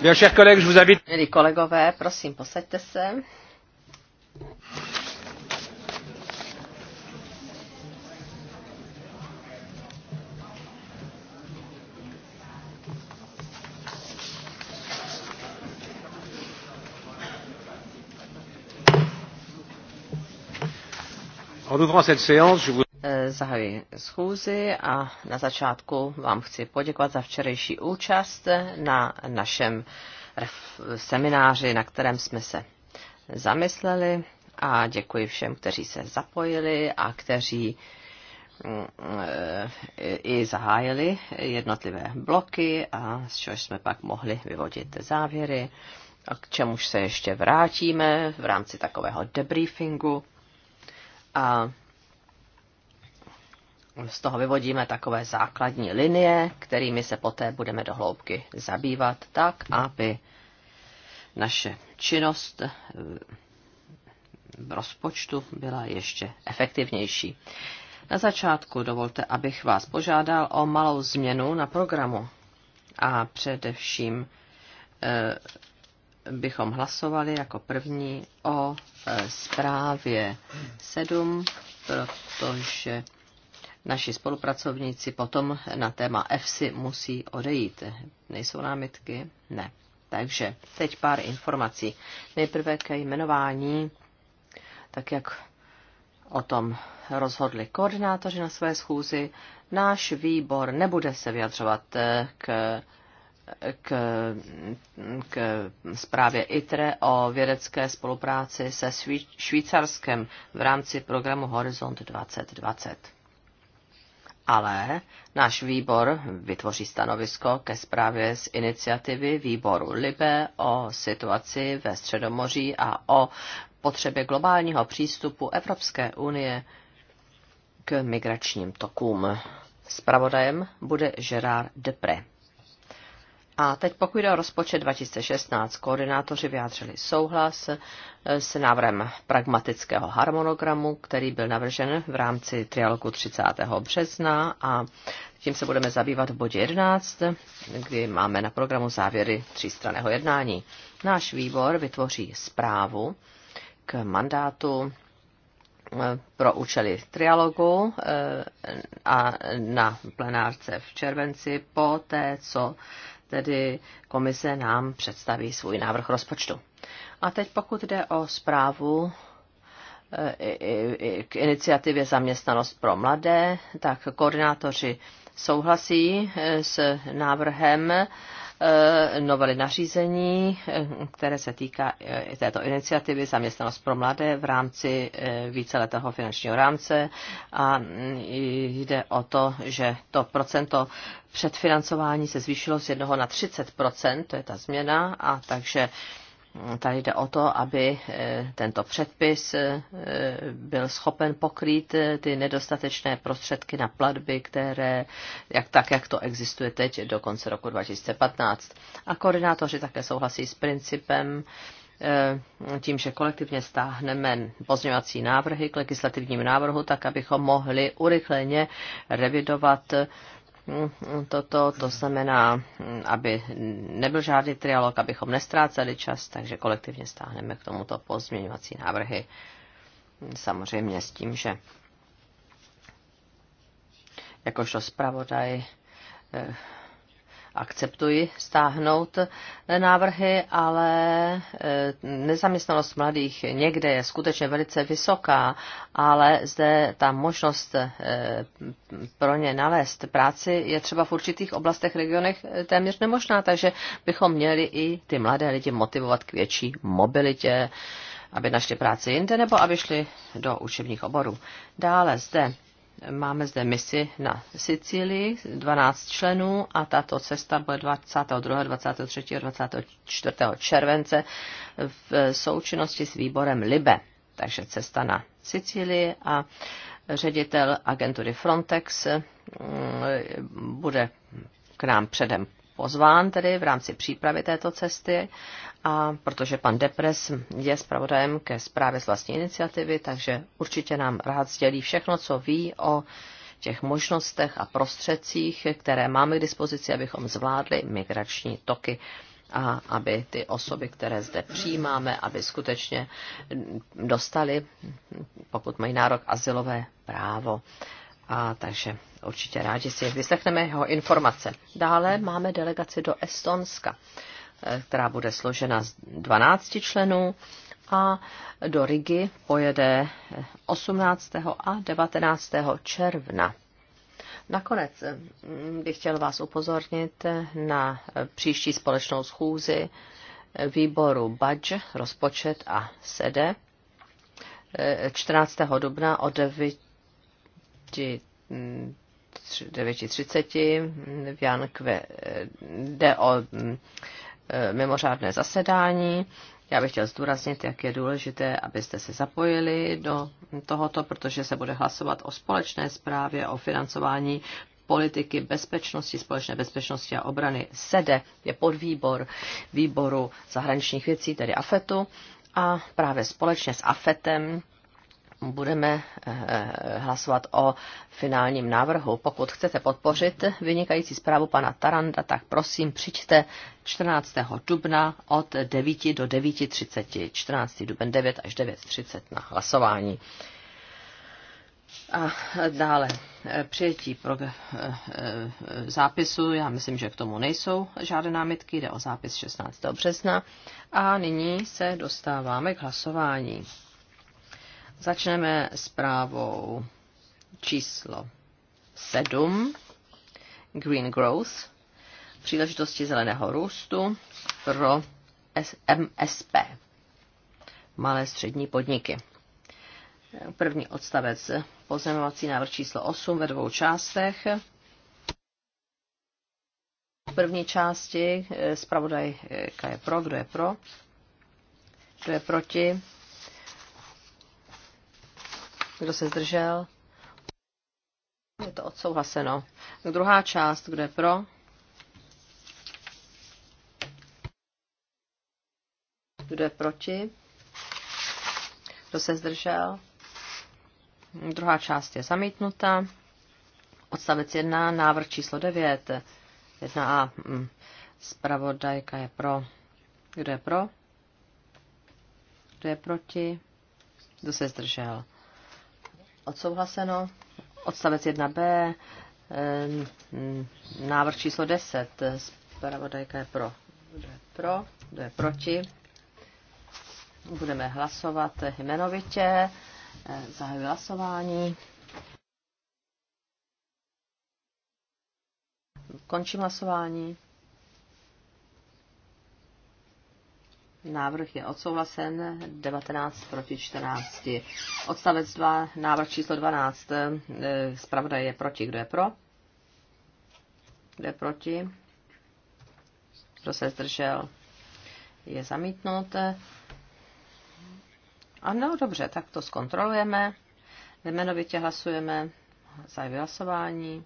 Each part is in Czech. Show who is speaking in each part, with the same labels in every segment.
Speaker 1: Bien, Milí
Speaker 2: kolegové, prosím, posaďte se. En ouvrant cette séance, je vous... Eh, zahajuji schůzi a na začátku vám chci poděkovat za včerejší účast na našem semináři, na kterém jsme se zamysleli a děkuji všem, kteří se zapojili a kteří eh, i zahájili jednotlivé bloky a z čehož jsme pak mohli vyvodit závěry, a k čemuž se ještě vrátíme v rámci takového debriefingu. A z toho vyvodíme takové základní linie, kterými se poté budeme do hloubky zabývat, tak aby naše činnost eh, v rozpočtu byla ještě efektivnější. Na začátku dovolte, abych vás požádal o malou změnu na programu a především e, bychom hlasovali jako první o e, zprávě 7, protože naši spolupracovníci potom na téma EFSI musí odejít. Nejsou námitky? Ne. Takže teď pár informací. Nejprve ke jmenování, tak jak o tom rozhodli koordinátoři na své schůzi, náš výbor nebude se vyjadřovat eh, k k, k zprávě ITRE o vědecké spolupráci se Švýcarskem v rámci programu Horizont 2020 ale náš výbor vytvoří stanovisko ke zprávě z iniciativy výboru Libe o situaci ve Středomoří a o potřebě globálního přístupu Evropské unie k migračním tokům. Spravodajem bude Gerard Depre. A teď pokud jde o rozpočet 2016, koordinátoři vyjádřili souhlas eh, s návrhem pragmatického harmonogramu, který byl navržen v rámci trialogu 30. března a tím se budeme zabývat v bodě 11, kdy máme na programu závěry třístraného jednání. Náš výbor vytvoří zprávu k mandátu eh, pro účely trialogu eh, a na plenárce v červenci po té, co tedy komise nám představí svůj návrh rozpočtu. A teď pokud jde o zprávu eh, k iniciativě Zaměstnanost pro mladé, tak koordinátoři souhlasí eh, s návrhem Eh, novely nařízení, eh, které se týká eh, této iniciativy zaměstnanost pro mladé v rámci víceletého finančního rámce a mm, jde o to, že to procento předfinancování se zvýšilo z jednoho na 30 to je ta změna, a takže Tady jde o to, aby eh, tento předpis eh, byl schopen pokrýt eh, ty nedostatečné prostředky na platby, které, jak tak, jak to existuje teď do konce roku 2015. A koordinátoři také souhlasí s principem, tím, že kolektivně stáhneme pozměňovací návrhy k legislativním návrhu, tak abychom mohli urychleně revidovat toto, to znamená, aby nebyl žádný trialog, abychom nestráceli čas, takže kolektivně stáhneme k tomuto pozměňovací návrhy. Samozřejmě s tím, že jakožto zpravodaj eh, akceptuji stáhnout návrhy, ale e, nezaměstnanost mladých někde je skutečně velice vysoká, ale zde ta možnost e, pro ně nalézt práci je třeba v určitých oblastech, regionech e, téměř nemožná, takže bychom měli i ty mladé lidi motivovat k větší mobilitě, aby našli práci jinde nebo aby šli do učebních oborů. Dále zde Máme zde misi na Sicílii, 12 členů a tato cesta bude 22., 23., 24. července v součinnosti s výborem LIBE. Takže cesta na Sicílii a ředitel agentury Frontex mm, bude k nám předem pozván tedy v rámci přípravy této cesty a protože pan Depres je zpravodajem ke zprávě z vlastní iniciativy, takže určitě nám rád sdělí všechno, co ví o těch možnostech a prostředcích, které máme k dispozici, abychom zvládli migrační toky a aby ty osoby, které zde přijímáme, aby skutečně dostali, pokud mají nárok, asilové právo. A takže určitě rádi si vyslechneme jeho informace. Dále máme delegaci do Estonska, eh, která bude složena z 12 členů a do Rigi pojede 18. Eh, a 19. června. Nakonec eh, bych chtěl vás upozornit na příští společnou schůzi výboru BADŽ, rozpočet a SEDE 14. dubna od 9 9.30 v Jankve jde o eh, mimořádné zasedání. Já bych chtěl zdůraznit, jak je důležité, abyste se zapojili do tohoto, protože se bude hlasovat o společné zprávě o financování politiky bezpečnosti, společné bezpečnosti a obrany. SEDE je podvýbor výboru zahraničních věcí, tedy AFETu. A právě společně s AFETem budeme eh, eh, hlasovat o finálním návrhu. Pokud chcete podpořit vynikající zprávu pana Taranda, tak prosím přijďte 14. dubna od 9 do 9.30, 14. duben 9 až 9.30 na hlasování. A dále eh, přijetí pro zápisu, já myslím, že k tomu nejsou žádné námitky, jde o zápis 16. března. A nyní se dostáváme k hlasování. Začneme zprávou číslo 7, Green Growth, příležitosti zeleného růstu pro MSP, malé střední podniky. První odstavec, pozemovací návrh číslo 8 ve dvou částech. V první části eh, zpravodajka eh, je pro, kdo je pro, kdo je proti, kdo se zdržel? Je to odsouhlaseno. Druhá část, kdo je pro? Kdo je proti? Kdo se zdržel? Druhá část je zamítnuta. Odstavec 1, návrh číslo 9. 1a. Spravodajka mm, je pro. Kdo je pro? Kdo je proti? Kdo se zdržel? odsouhlaseno. Odstavec 1b, eh, návrh číslo 10, zpravodajka je pro. Kdo je pro, kdo je proti? Budeme hlasovat jmenovitě. Eh, zahajuji hlasování. Končím hlasování. Návrh je odsouhlasen 19 proti 14. Odstavec 2, návrh číslo 12. Eh, zpravodaj je proti. Kdo je pro? Kdo je proti? Kdo se zdržel? Je zamítnut. Ano, dobře, tak to zkontrolujeme. Jmenovitě hlasujeme za vyhlasování.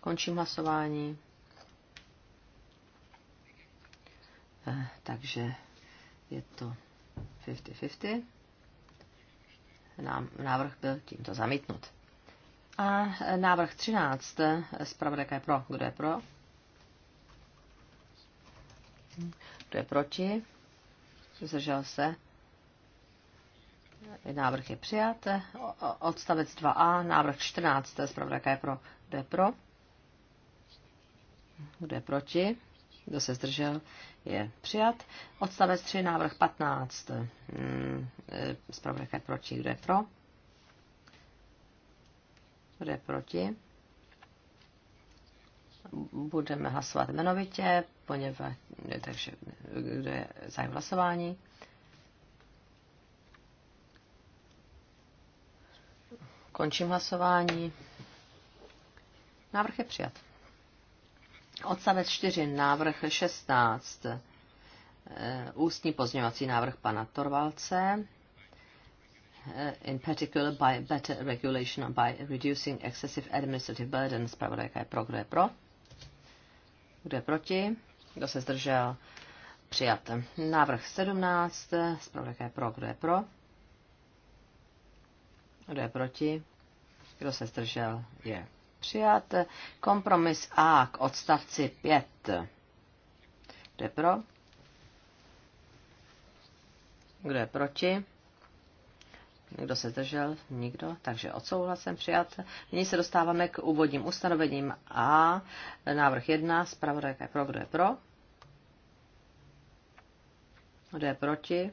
Speaker 2: Končím hlasování. Eh, takže je to 50-50. Návrh byl tímto zamítnut. A eh, návrh 13, eh, zpravodajka je pro. Kdo je pro? Kdo je proti? Zdržel se? Návrh je přijat. Odstavec 2a, návrh 14, zpravodajka je pro. Kdo je pro? Kdo je proti? Kdo se zdržel? je přijat. Odstavec 3, návrh 15. Hmm, eh, Zpravodajka proti, kdo je pro? Kdo je proti? Budeme hlasovat jmenovitě, poněvadž, takže kdo je zájem hlasování? Končím hlasování. Návrh je přijat. Odstavec 4, návrh 16, eh, ústní pozměňovací návrh pana Torvalce eh, in particular by better regulation by reducing excessive administrative burdens. Zpravodajka je pro, kdo je pro? Kdo je proti? Kdo se zdržel? Přijat. Návrh 17. Zpravodajka je pro, kdo je pro? Kdo je proti? Kdo se zdržel? Je přijat. Kompromis A k odstavci 5. Kdo je pro? Kdo je proti? Nikdo se zdržel? Nikdo. Takže odsouhlasem přijat. Nyní se dostáváme k úvodním ustanovením A. Návrh 1. Spravodajka je pro. Kdo je pro? Kdo je proti?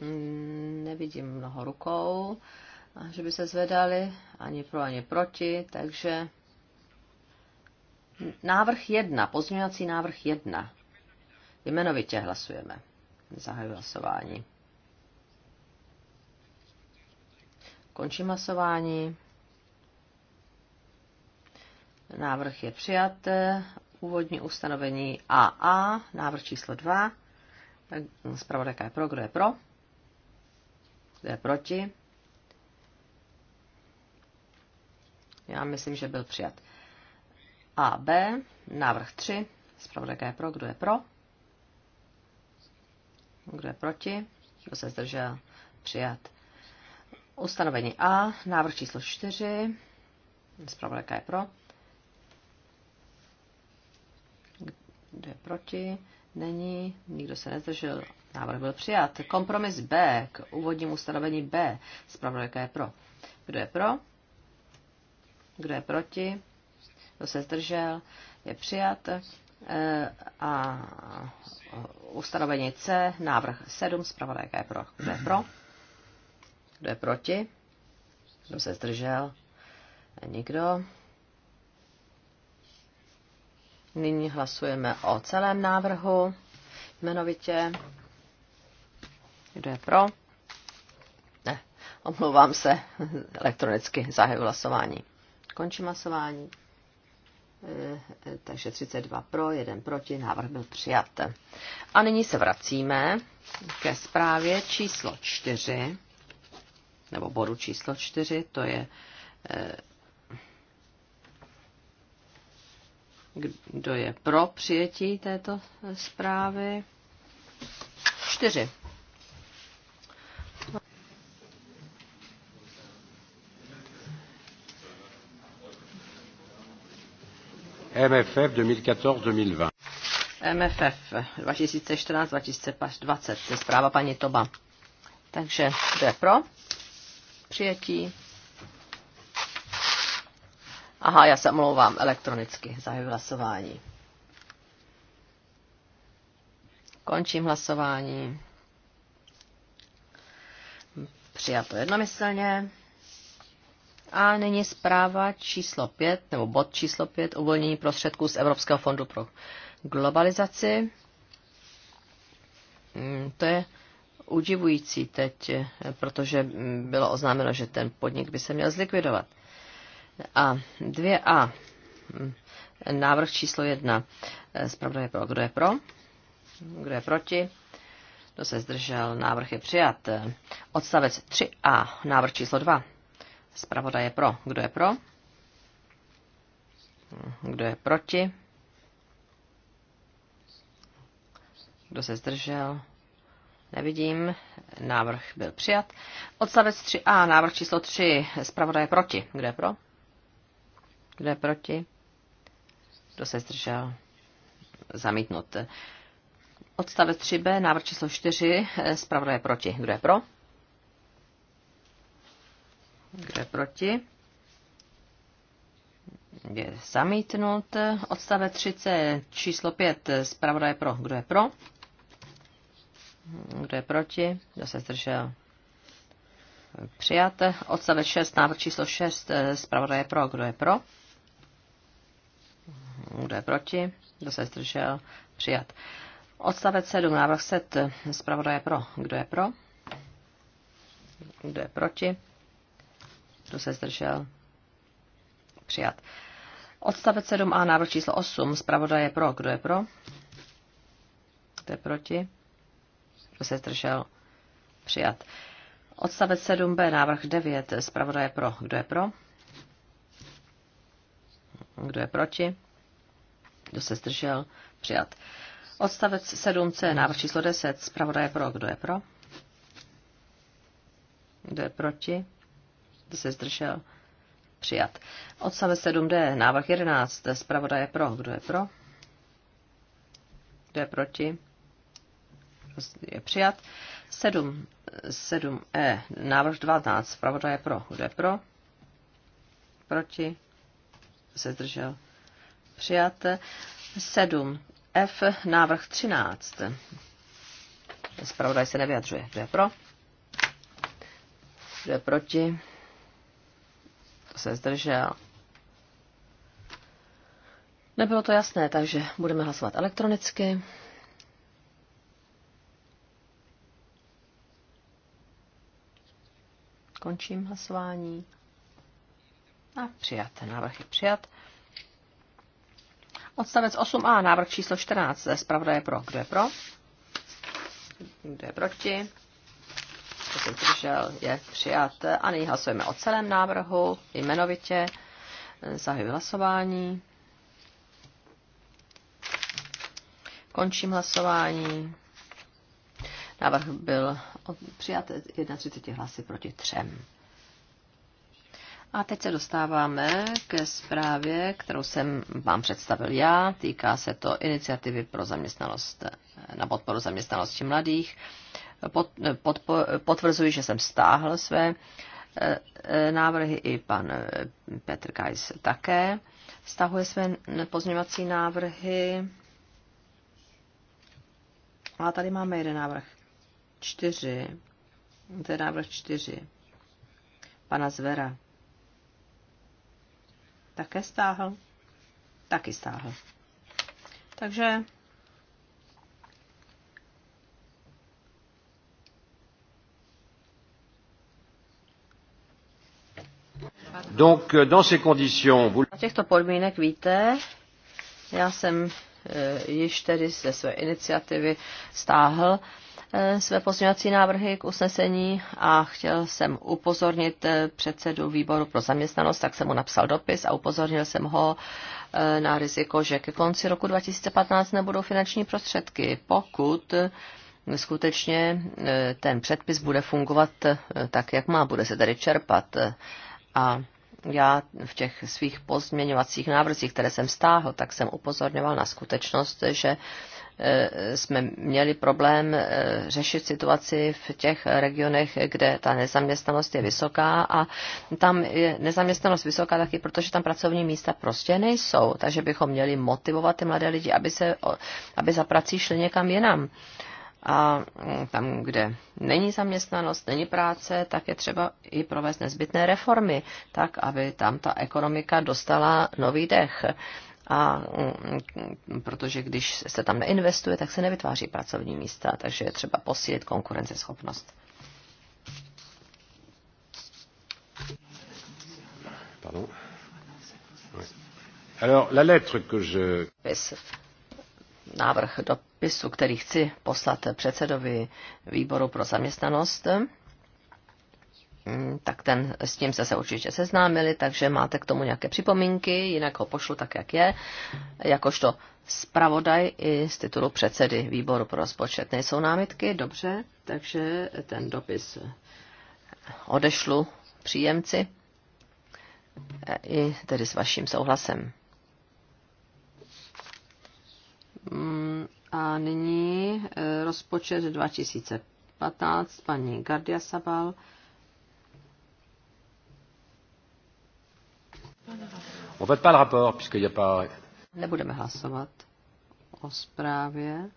Speaker 2: Hmm, nevidím mnoho rukou, a že by se zvedali ani pro, ani proti, takže návrh jedna, pozměňovací návrh jedna. Jmenovitě hlasujeme. Zahajuji hlasování. Končím hlasování. Návrh je přijat. Úvodní ustanovení AA, návrh číslo 2. Zpravodajka je pro, kdo je pro? Kdo je proti? Já myslím, že byl přijat. A B, návrh 3, zpravodajka je pro, kdo je pro? Kdo je proti? Kdo se zdržel? Přijat. Ustanovení A, návrh číslo 4, zpravodajka je pro. Kdo je proti? Není, nikdo se nezdržel. Návrh byl přijat. Kompromis B k úvodnímu ustanovení B. Zpravodajka je pro. Kdo je pro? Kdo je proti? Kdo se zdržel? Je přijat. E, a ustanovení C, návrh 7, zpravodajka je pro. Kdo je pro? Kdo je proti? Kdo se zdržel? Nikdo. Nyní hlasujeme o celém návrhu jmenovitě. Kdo je pro? Ne, omlouvám se, elektronicky zahajuji hlasování. Končím hlasování. Eh, eh, takže 32 pro, 1 proti, návrh byl přijat. A nyní se vracíme ke zprávě číslo 4, nebo bodu číslo 4, to je eh, kdo je pro přijetí této zprávy. 4.
Speaker 3: MFF 2014-2020.
Speaker 2: MFF 2014-2020, to je zpráva paní Toba. Takže to je pro přijetí. Aha, já se omlouvám elektronicky, zahajuji hlasování. Končím hlasování. Přijato jednomyslně. A nyní zpráva číslo 5, nebo bod číslo 5, uvolnění prostředků z Evropského fondu pro globalizaci. Mm, to je udivující teď, protože bylo oznámeno, že ten podnik by se měl zlikvidovat. A 2a. Mm, návrh číslo 1. je pro. Kdo je pro? Kdo je proti? Kdo se zdržel? Návrh je přijat. Odstavec 3a. Návrh číslo 2. Zpravodaj je pro. Kdo je pro? Kdo je proti? Kdo se zdržel? Nevidím. Návrh byl přijat. Odstavec 3a, návrh číslo 3. Zpravodaj je proti. Kdo je pro? Kdo je proti? Kdo se zdržel? Zamítnut. Odstavec 3b, návrh číslo 4. Zpravodaj je proti. Kdo je pro? Kdo je proti? Je zamítnut. Odstave 30, číslo 5, zpravodaj pro. Kdo je pro? Kdo je proti? Kdo se zdržel? Přijat. Odstavec 6, návrh číslo 6, zpravodaj pro. Kdo je pro? Kdo je proti? Kdo se zdržel? Přijat. Odstavec 7, návrh set, zpravodaj pro. Kdo je pro? Kdo je proti? Kdo se zdržel? Přijat. Odstavec 7a, návrh číslo 8. Zpravodaj je pro. Kdo je pro? Kdo je proti? Kdo se zdržel? Přijat. Odstavec 7b, návrh 9. Zpravodaj je pro. Kdo je pro? Kdo je proti? Kdo se zdržel? Přijat. Odstavec 7c, návrh číslo 10. Zpravodaj je pro. Kdo je pro? Kdo je proti? se zdržel, přijat. Odstavec 7D, návrh 11, zpravoda je pro. Kdo je pro? Kdo je proti? Je přijat. 7, 7E, návrh 12, zpravoda je pro. Kdo je pro? Proti? Se zdržel, přijat. 7, F, návrh 13. Zpravodaj se nevyjadřuje. Kdo je pro? Kdo je proti? se zdržel. Nebylo to jasné, takže budeme hlasovat elektronicky. Končím hlasování. A přijat. Návrh je přijat. Odstavec 8a, návrh číslo 14. Zpravda je pro. Kdo je pro? Kdo je proti? kdo se zdržel, je přijat. A nyní hlasujeme o celém návrhu, jmenovitě. Zahajuji hlasování. Končím hlasování. Návrh byl přijat 31 hlasy proti třem. A teď se dostáváme ke zprávě, kterou jsem vám představil já. Týká se to iniciativy pro zaměstnanost, na podporu zaměstnanosti mladých pod, pod, potvrzuji, že jsem stáhl své e, e, návrhy i pan e, Petr Kajs také stahuje své pozměňovací návrhy. A tady máme jeden návrh. Čtyři. To je návrh čtyři. Pana Zvera. Také stáhl. Taky stáhl. Takže
Speaker 3: Donc, euh, dans ces conditions, vous...
Speaker 2: těchto podmínek víte, já jsem eh, již tedy ze své iniciativy stáhl eh, své pozměňovací návrhy k usnesení a chtěl jsem upozornit eh, předsedu výboru pro zaměstnanost, tak jsem mu napsal dopis a upozornil jsem ho na riziko, že ke konci roku 2015 nebudou finanční prostředky, pokud skutečně ten předpis bude fungovat tak, jak má, bude se tady čerpat a já v těch svých pozměňovacích návrzích, které jsem stáhl, tak jsem upozorňoval na skutečnost, že e, jsme měli problém e, řešit situaci v těch regionech, kde ta nezaměstnanost je vysoká a tam je nezaměstnanost vysoká taky, protože tam pracovní místa prostě nejsou, takže bychom měli motivovat ty mladé lidi, aby, se, aby za prací šli někam jinam a tam, kde není zaměstnanost, není práce, tak je třeba i provést nezbytné reformy, tak aby tam ta ekonomika dostala nový dech. A mm, protože když se tam neinvestuje, tak se nevytváří pracovní místa, takže je třeba posílit konkurenceschopnost.
Speaker 3: Pardon. Alors, la lettre que je
Speaker 2: návrh dopisu, který chci poslat předsedovi výboru pro zaměstnanost, mm, tak ten, s tím jste se určitě seznámili, takže máte k tomu nějaké připomínky, jinak ho pošlu tak, jak je, jakožto zpravodaj i z titulu předsedy výboru pro rozpočet. Nejsou námitky? Dobře, takže ten dopis odešlu příjemci e, i tedy s vaším souhlasem. Mm, a nyní eh, rozpočet 2015, paní Gardia Sabal.
Speaker 3: On pas le rapport, puisqu'il n'y a pas...
Speaker 2: Nebudeme hlasovat o zprávě.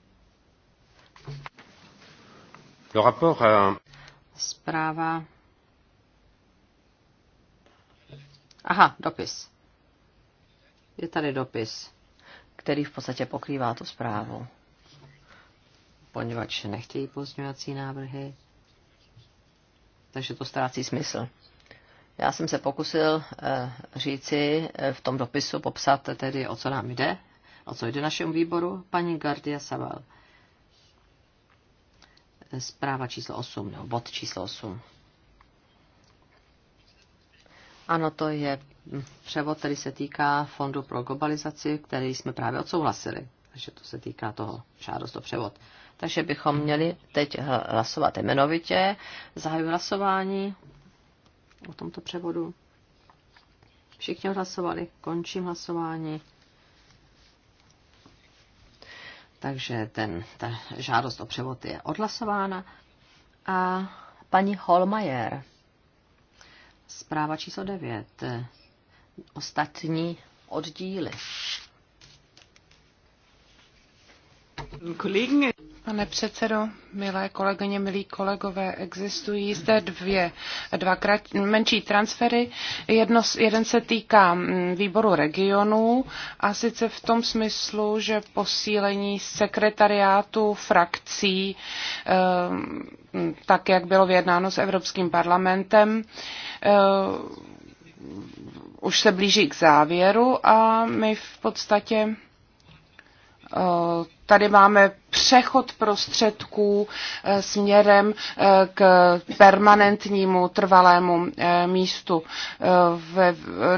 Speaker 3: Le rapport a...
Speaker 2: Zpráva. Aha, dopis. Je tady dopis který v podstatě pokrývá tu zprávu. Poněvadž nechtějí pozměňovací návrhy, takže to ztrácí smysl. Já jsem se pokusil eh, říci eh, v tom dopisu, popsat tedy, o co nám jde, o co jde našemu výboru, paní Gardia Saval. Zpráva číslo 8, nebo bod číslo 8. Ano, to je převod, který se týká Fondu pro globalizaci, který jsme právě odsouhlasili. Takže to se týká toho žádost o převod. Takže bychom měli teď hlasovat jmenovitě. Zahajuji hlasování o tomto převodu. Všichni hlasovali, končím hlasování. Takže ten, ta žádost o převod je odhlasována. A paní Holmajer Zpráva číslo 9. Ostatní oddíly.
Speaker 3: Kolegyně. Pane předsedo, milé kolegyně, milí kolegové, existují zde dvě, dva krat, menší transfery. Jedno, jeden se týká mm, výboru regionů a sice v tom smyslu, že posílení sekretariátu frakcí, ehm, tak jak bylo vyjednáno s Evropským parlamentem, ehm, už se blíží k závěru a my v podstatě Eh, tady máme přechod prostředků eh, směrem eh, k permanentnímu trvalému místu.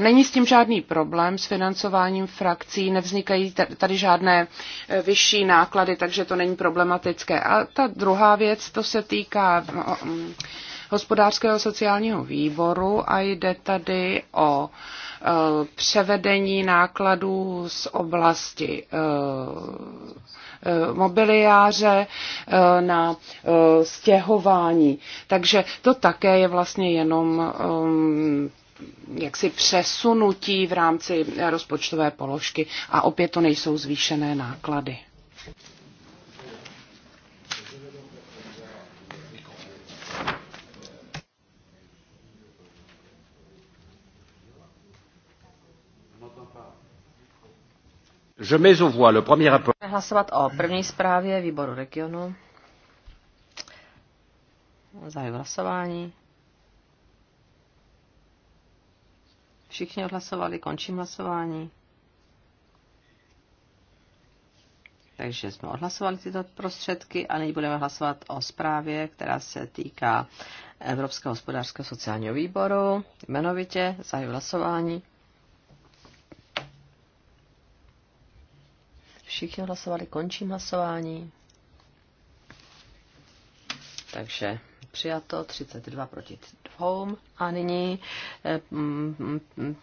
Speaker 3: Není s tím žádný problém s financováním frakcí, nevznikají tady žádné vyšší náklady, takže to není problematické. A ta druhá věc, to se týká no, mm, hospodářského sociálního výboru a jde tady o e, převedení nákladů z oblasti e, e, mobiliáře na stěhování. Takže to také je vlastně jenom jaksi přesunutí v rámci rozpočtové položky a opět to nejsou zvýšené náklady. Je mets voix le premier rapport.
Speaker 2: Hlasovat o první zprávě výboru regionu. Zahajuji hlasování. Všichni odhlasovali, končím hlasování. Takže jsme odhlasovali tyto prostředky a nyní budeme hlasovat o zprávě, která se týká Evropského hospodářského sociálního výboru. Jmenovitě zahajuji hlasování. Všichni hlasovali, končím hlasování. Takže přijato 32 proti 2. A nyní, eh, mm, mm,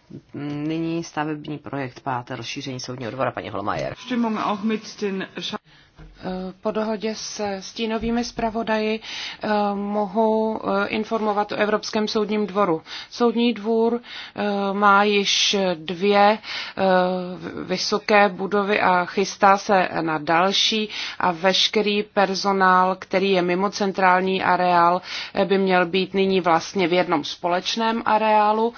Speaker 2: nyní stavební projekt páté rozšíření soudního dvora, paní Holmajer.
Speaker 3: Stimmung auch mit den Eh, po dohodě se stínovými zpravodaji eh, mohu eh, informovat o Evropském soudním dvoru. Soudní dvůr má již dvě vysoké budovy a chystá se na další a veškerý personál, který je mimo centrální areál, by měl být nyní vlastně v jednom společném areálu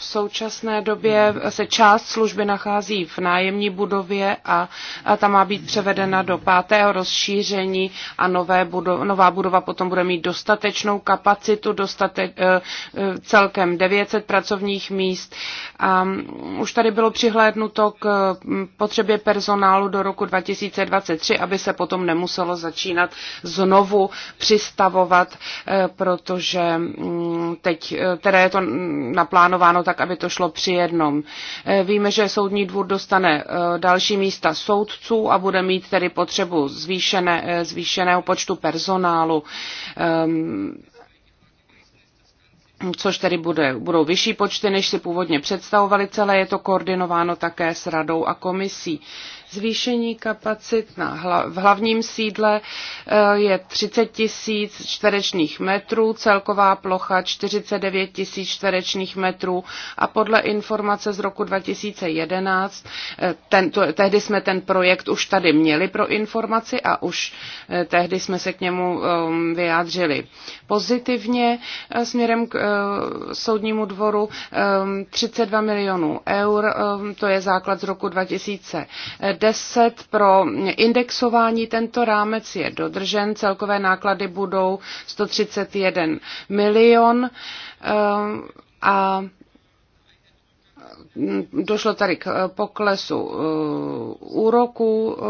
Speaker 3: v současné době se část služby nachází v nájemní budově a, a ta má být převedena do pátého rozšíření a nové budov, nová budova potom bude mít dostatečnou kapacitu, dostate, eh, eh, celkem 900 pracovních míst. A mm, už tady bylo přihlédnuto k mm, potřebě personálu do roku 2023, aby se potom nemuselo začínat znovu přistavovat, eh, protože mm, teď teda je to naplánováno tak, aby to šlo při jednom. Eh, víme, že soudní dvůr dostane eh, další místa soudců a bude mít tedy potřebu zvýšené, eh, zvýšeného počtu personálu ehm, což tedy bude, budou vyšší počty, než si původně představovali. Celé je to koordinováno také s radou a komisí. Zvýšení kapacit na hla, v hlavním sídle eh, je 30 tisíc čtverečních metrů, celková plocha 49 tisíc čtverečních metrů a podle informace z roku 2011, eh, ten, to, tehdy jsme ten projekt už tady měli pro informaci a už eh, tehdy jsme se k němu ehm, vyjádřili pozitivně směrem k soudnímu dvoru 32 ehm, milionů eur, ehm, to je základ z roku 2010 10 pro indexování. Tento rámec je dodržen, celkové náklady budou 131 milion ehm, a došlo tady k eh, poklesu eh, úroku eh,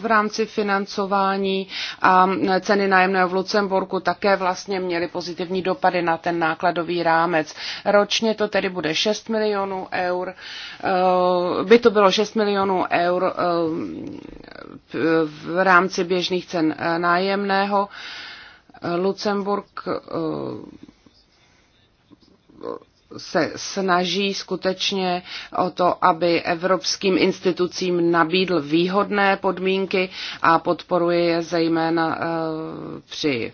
Speaker 3: v rámci financování a ceny nájemného v Lucemburku také vlastně měly pozitivní dopady na ten nákladový rámec. Ročně to tedy bude 6 milionů eur, by to bylo 6 milionů eur v rámci běžných cen nájemného. Lucemburg se snaží skutečně o to, aby evropským institucím nabídl výhodné podmínky a podporuje je zejména eh, při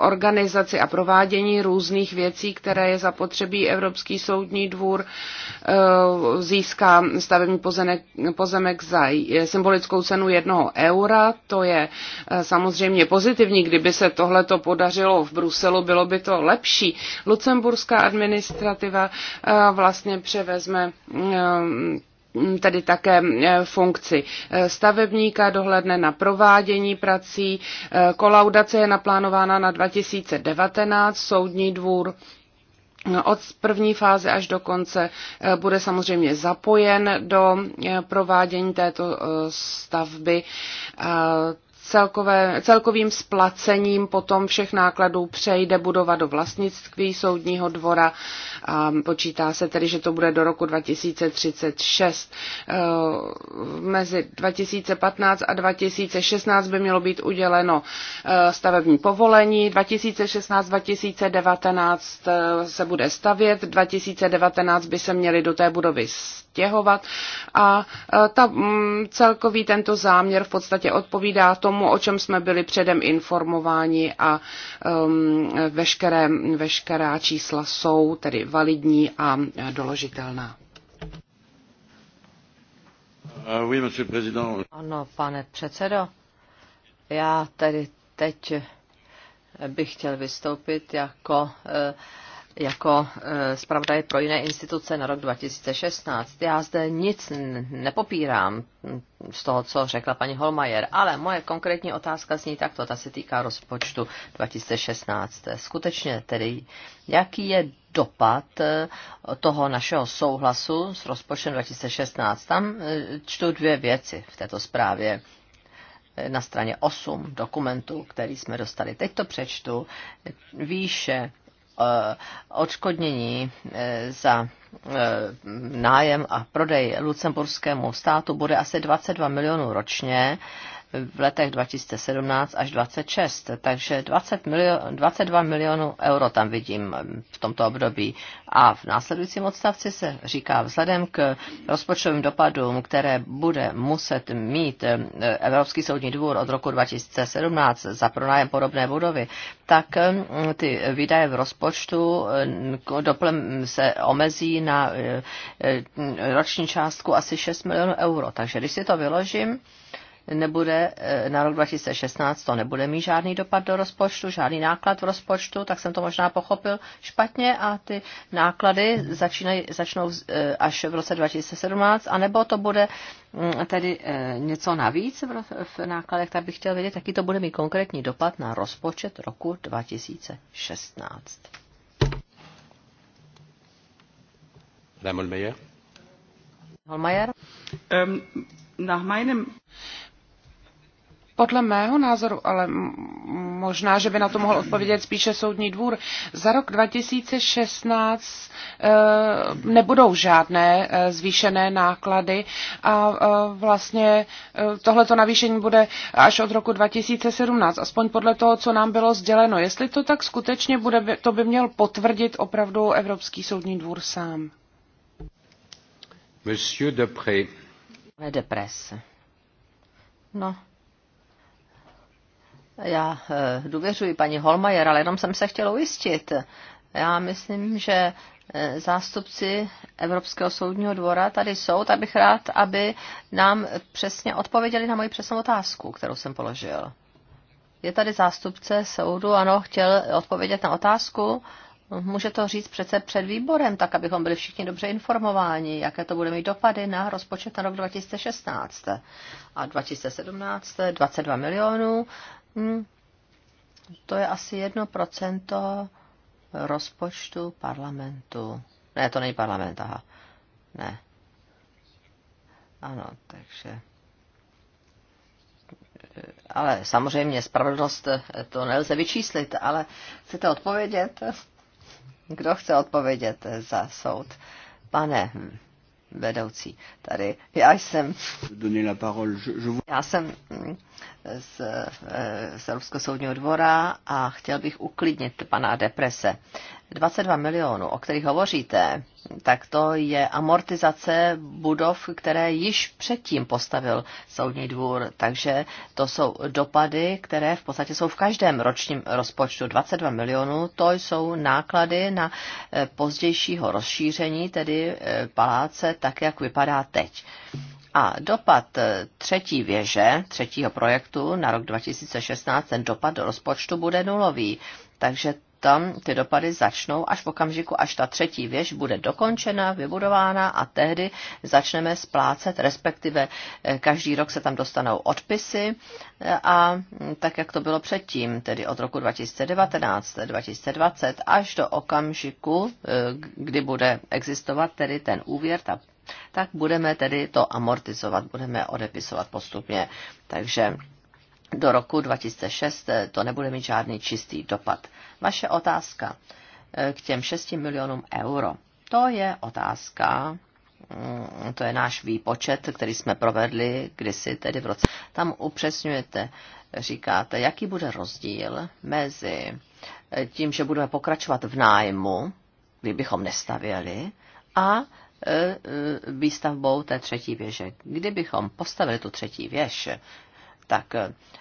Speaker 3: organizaci a provádění různých věcí, které je zapotřebí Evropský soudní dvůr eh, získá stavební pozemek, za eh, symbolickou cenu jednoho eura. To je samozřejmě pozitivní, kdyby se tohle to podařilo v Bruselu, bylo by to lepší. Lucemburská administrativa legislativa eh, vlastně převezme eh, tedy také eh, funkci stavebníka, dohledne na provádění prací. Kolaudace je naplánována na 2019, soudní dvůr no, od první fáze až do konce bude samozřejmě zapojen do provádění této stavby celkové, celkovým splacením potom všech nákladů přejde budova do vlastnictví soudního dvora. A počítá se tedy, že to bude do roku 2036. E, mezi 2015 a 2016 by mělo být uděleno e, stavební povolení. 2016-2019 e, se bude stavět, 2019 by se měly do té budovy stěhovat a e, ta, mm, celkový tento záměr v podstatě odpovídá tomu, o čem jsme byli předem informováni a um, veškeré, veškerá čísla jsou tedy validní a e, doložitelná. Ah,
Speaker 2: ano, pane předsedo, já tedy teď bych chtěl vystoupit jako eh, jako eh, zpravodaj pro jiné instituce na rok 2016. Já zde nic nepopírám z toho, co řekla paní Holmajer, ale moje konkrétní otázka zní takto, ta se týká rozpočtu 2016. Skutečně tedy, jaký je dopad eh, toho našeho souhlasu s rozpočtem 2016? Tam eh, čtu dvě věci v této zprávě na straně 8 dokumentu, který jsme dostali. Teď to přečtu. Výše Eh, odškodnění eh, za eh, nájem a prodej lucemburskému státu bude asi 22 milionů ročně v letech 2017 až 26, takže 20 milion, 22 milionů euro tam vidím mm, v tomto období. A v následujícím odstavci se říká, vzhledem k rozpočtovým dopadům, které bude muset mít mm, Evropský soudní dvůr od roku 2017 za pronájem podobné budovy, tak mm, ty výdaje v rozpočtu se omezí na e, e, roční částku asi 6 milionů euro. Takže když si to vyložím, nebude eh, na rok 2016, to nebude mít žádný dopad do rozpočtu, žádný náklad v rozpočtu, tak jsem to možná pochopil špatně a ty náklady začínají, začnou eh, až v roce 2017, anebo to bude mm, tedy eh, něco navíc v nákladech, tak bych chtěl vědět, jaký to bude mít konkrétní dopad na rozpočet roku 2016.
Speaker 3: Madame Holmeyer. Holmeyer? Um, nach meinem podle mého názoru, ale možná, že by na to mohl odpovědět spíše soudní dvůr, za rok 2016 eh, nebudou žádné eh, zvýšené náklady a eh, vlastně tohleto navýšení bude až od roku 2017, aspoň podle toho, co nám bylo sděleno. Jestli to tak skutečně bude, to by měl potvrdit opravdu Evropský soudní dvůr sám. Monsieur Depré.
Speaker 2: Deprese.
Speaker 3: No, já eh,
Speaker 2: důvěřuji paní Holmajer, ale jenom jsem se chtěla ujistit. Já myslím, že eh, zástupci Evropského soudního dvora tady jsou, tak bych rád, aby nám přesně odpověděli na moji přesnou otázku, kterou jsem položil. Je tady zástupce soudu, ano, chtěl odpovědět na otázku. Může to říct přece před výborem, tak abychom byli všichni dobře informováni, jaké to bude mít dopady na rozpočet na rok 2016 a 2017, 22 milionů Hmm. To je asi jedno procento rozpočtu parlamentu. Ne, to není parlament, aha. Ne. Ano, takže... Ale samozřejmě spravedlnost eh, to nelze vyčíslit, ale chcete odpovědět? Kdo chce odpovědět eh, za soud? Pane hm vedoucí tady. Já jsem... Já jsem mm, z, eh, z Evropského soudního dvora a chtěl bych uklidnit pana Deprese. 22 milionů, o kterých hovoříte, tak to je amortizace budov, které již předtím postavil soudní dvůr. Takže to jsou dopady, které v podstatě jsou v každém ročním rozpočtu. 22 milionů, to jsou náklady na eh, pozdějšího rozšíření, tedy eh, paláce, tak jak vypadá teď. A dopad eh, třetí věže, třetího projektu na rok 2016, ten dopad do rozpočtu bude nulový. Takže tam ty dopady začnou až v okamžiku, až ta třetí věž bude dokončena, vybudována a tehdy začneme splácet, respektive eh, každý rok se tam dostanou odpisy eh, a hm, tak, jak to bylo předtím, tedy od roku 2019, 2020 až do okamžiku, eh, kdy bude existovat tedy ten úvěr, ta tak budeme tedy to amortizovat, budeme odepisovat postupně. Takže do roku 2006 to nebude mít žádný čistý dopad. Vaše otázka eh, k těm 6 milionům euro. To je otázka, mm, to je náš výpočet, který jsme provedli kdysi tedy v roce. Tam upřesňujete, říkáte, jaký bude rozdíl mezi eh, tím, že budeme pokračovat v nájmu, kdybychom nestavěli, a eh, výstavbou té třetí věže. Kdybychom postavili tu třetí věž, tak,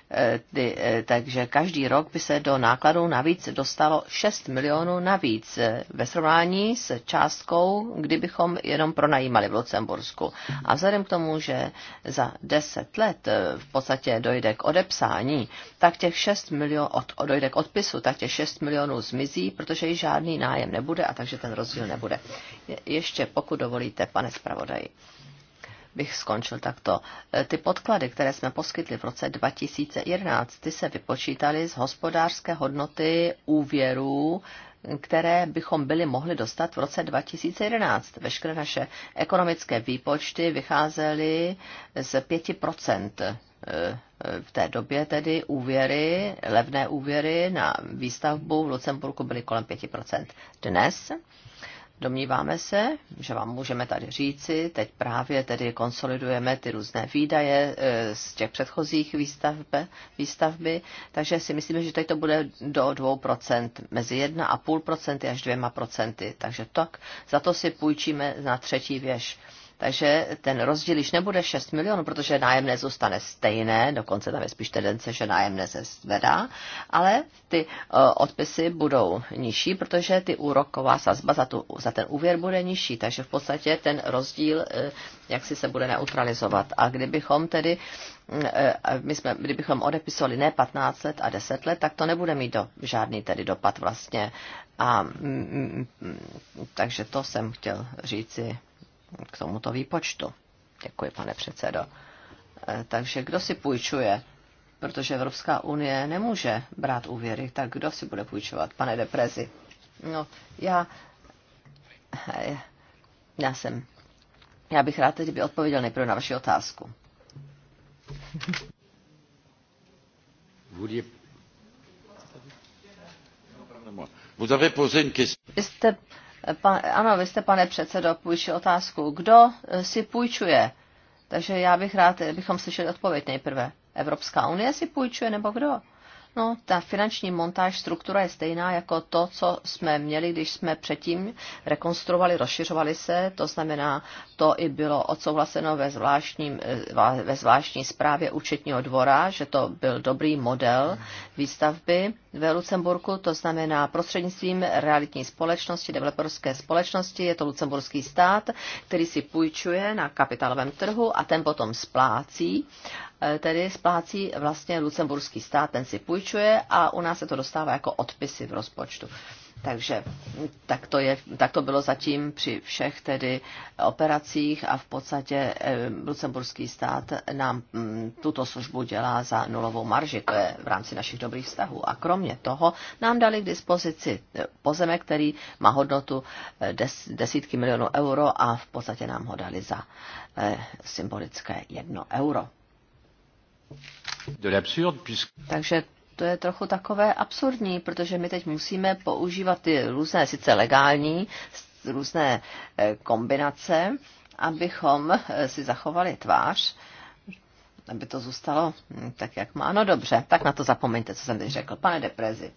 Speaker 2: eh, ty, eh, takže každý rok by se do nákladů navíc dostalo 6 milionů navíc eh, ve srovnání s částkou, kdybychom jenom pronajímali v Lucembursku. A vzhledem k tomu, že za 10 let v podstatě dojde k odepsání, tak těch 6 milionů, od, dojde k odpisu, tak těch 6 milionů zmizí, protože již žádný nájem nebude a takže ten rozdíl nebude. Je, ještě pokud dovolíte, pane zpravodaji bych skončil takto. E, ty podklady, které jsme poskytli v roce 2011, ty se vypočítaly z hospodářské hodnoty úvěrů, které bychom byli mohli dostat v roce 2011. Veškeré naše ekonomické výpočty vycházely z 5% e, v té době tedy úvěry, levné úvěry na výstavbu v Lucemburku byly kolem 5%. Dnes Domníváme se, že vám můžeme tady říci, teď právě tedy konsolidujeme ty různé výdaje e, z těch předchozích výstavby, výstavby, takže si myslíme, že teď to bude do 2%, mezi 1,5% až 2%, takže tak, za to si půjčíme na třetí věž. Takže ten rozdíl již nebude 6 milionů, protože nájemné zůstane stejné, dokonce tam je spíš tendence, že nájemné se zvedá, ale ty eh, odpisy budou nižší, protože ty úroková sazba za, tu, za ten úvěr bude nižší, takže v podstatě ten rozdíl eh, jak si se bude neutralizovat. A kdybychom tedy mm, eh, my jsme, kdybychom odepisovali ne 15 let a 10 let, tak to nebude mít do, žádný tedy dopad vlastně. A, mm, mm, takže to jsem chtěl říci k tomuto výpočtu. Děkuji, pane předsedo. Takže kdo si půjčuje? Protože Evropská unie nemůže brát úvěry, tak kdo si bude půjčovat, pane Deprezi? No, já, já jsem, já bych rád teď by odpověděl nejprve na vaši otázku.
Speaker 3: Vy
Speaker 2: jste Pa, ano, vy jste, pane předsedo, půjčil otázku. Kdo si půjčuje? Takže já bych rád, bychom slyšeli odpověď nejprve. Evropská unie si půjčuje nebo kdo? No, ta finanční montáž struktura je stejná jako to, co jsme měli, když jsme předtím rekonstruovali, rozšiřovali se. To znamená, to i bylo odsouhlaseno ve, zvláštním, eh, ve zvláštní zprávě účetního dvora, že to byl dobrý model výstavby ve Lucemburku. To znamená prostřednictvím realitní společnosti, developerské společnosti. Je to lucemburský stát, který si půjčuje na kapitálovém trhu a ten potom splácí. Eh, tedy splácí vlastně lucemburský stát, ten si půjčuje a u nás se to dostává jako odpisy v rozpočtu. Takže hm, tak to, je, tak to bylo zatím při všech tedy operacích a v podstatě eh, lucemburský stát nám hm, tuto službu dělá za nulovou marži, to je v rámci našich dobrých vztahů. A kromě toho nám dali k dispozici eh, pozemek, který má hodnotu des, desítky milionů euro a v podstatě nám ho dali za symbolické jedno euro. Takže to je trochu takové absurdní, protože my teď musíme používat ty různé, sice legální, různé eh, kombinace, abychom eh, si zachovali tvář, aby to zůstalo hm, tak, jak má. No dobře, tak na to zapomeňte, co jsem teď řekl. Pane Deprezi.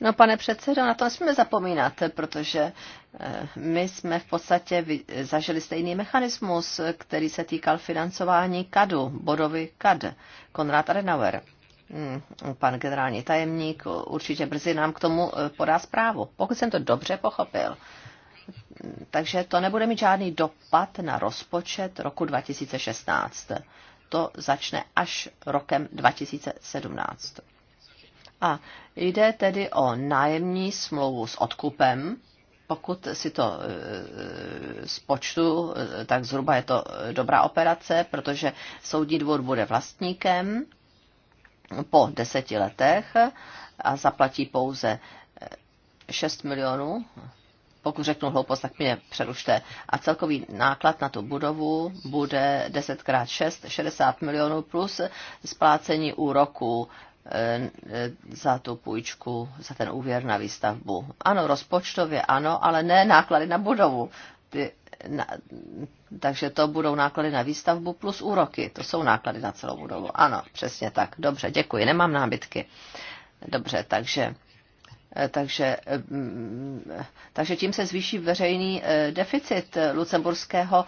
Speaker 2: No, pane předsedo, na to nesmíme zapomínat, protože eh, my jsme v podstatě zažili stejný mechanismus, který se týkal financování KADu, bodovy KAD, Konrad Adenauer. Mm, pan generální tajemník určitě brzy nám k tomu eh, podá zprávu, pokud jsem to dobře pochopil. Takže to nebude mít žádný dopad na rozpočet roku 2016. To začne až rokem 2017. A jde tedy o nájemní smlouvu s odkupem, pokud si to e, e, spočtu, e, tak zhruba je to dobrá operace, protože soudní dvůr bude vlastníkem po deseti letech a zaplatí pouze 6 milionů. Pokud řeknu hloupost, tak mě přerušte. A celkový náklad na tu budovu bude 10 x 6, 60 milionů plus splácení úroků Eh, za tu půjčku, za ten úvěr na výstavbu. Ano, rozpočtově ano, ale ne náklady na budovu. Ty, na, takže to budou náklady na výstavbu plus úroky. To jsou náklady na celou budovu. Ano, přesně tak. Dobře, děkuji, nemám nábytky. Dobře, takže Eh, takže, mm, takže tím se zvýší veřejný eh, deficit lucemburského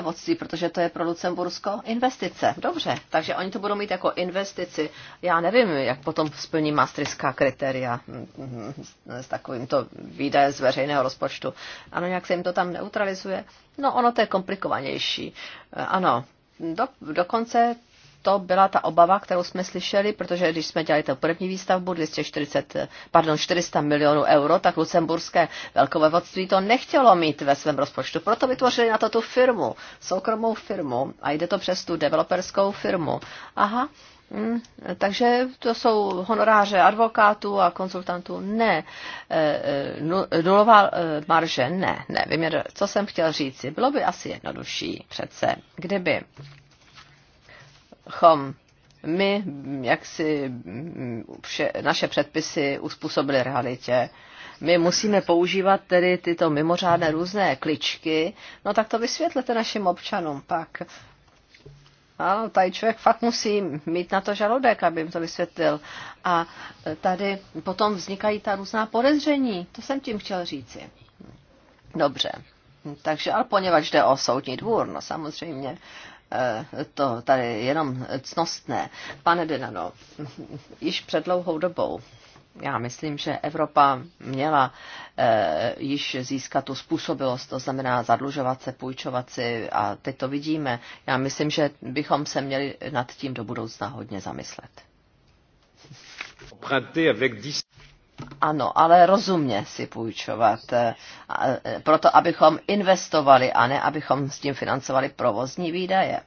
Speaker 2: moci, eh, protože to je pro Lucembursko investice. Dobře, takže oni to budou mít jako investici. Já nevím, jak potom splní mastrická kritéria mm, s takovýmto výdajem z veřejného rozpočtu. Ano, nějak se jim to tam neutralizuje. No, ono to je komplikovanější. Ano, do, dokonce to byla ta obava, kterou jsme slyšeli, protože když jsme dělali tu první výstavbu 240, pardon, 400 milionů euro, tak lucemburské velkovévodství to nechtělo mít ve svém rozpočtu. Proto vytvořili na to tu firmu, soukromou firmu a jde to přes tu developerskou firmu. Aha, Hmm, takže to jsou honoráře advokátů a konzultantů? Ne. E, e, nulová e, marže? Ne. ne. Vyměr, co jsem chtěl říci? Bylo by asi jednodušší přece, kdyby chom my, jak si vše, naše předpisy uspůsobili realitě, my musíme používat tedy tyto mimořádné různé kličky, no tak to vysvětlete našim občanům pak. Ano, tady člověk fakt musí mít na to žaludek, aby jim to vysvětlil. A tady potom vznikají ta různá podezření. To jsem tím chtěl říci. Dobře. Takže, ale poněvadž jde o soudní dvůr, no samozřejmě, Eh, to tady jenom cnostné. Pane Denano, již před dlouhou dobou já myslím, že Evropa měla e, již získat tu způsobilost, to znamená zadlužovat se, půjčovat si a teď to vidíme. Já myslím, že bychom se měli nad tím do budoucna hodně zamyslet ano, ale rozumně si půjčovat, eh, eh, proto abychom investovali a ne abychom s tím financovali provozní výdaje.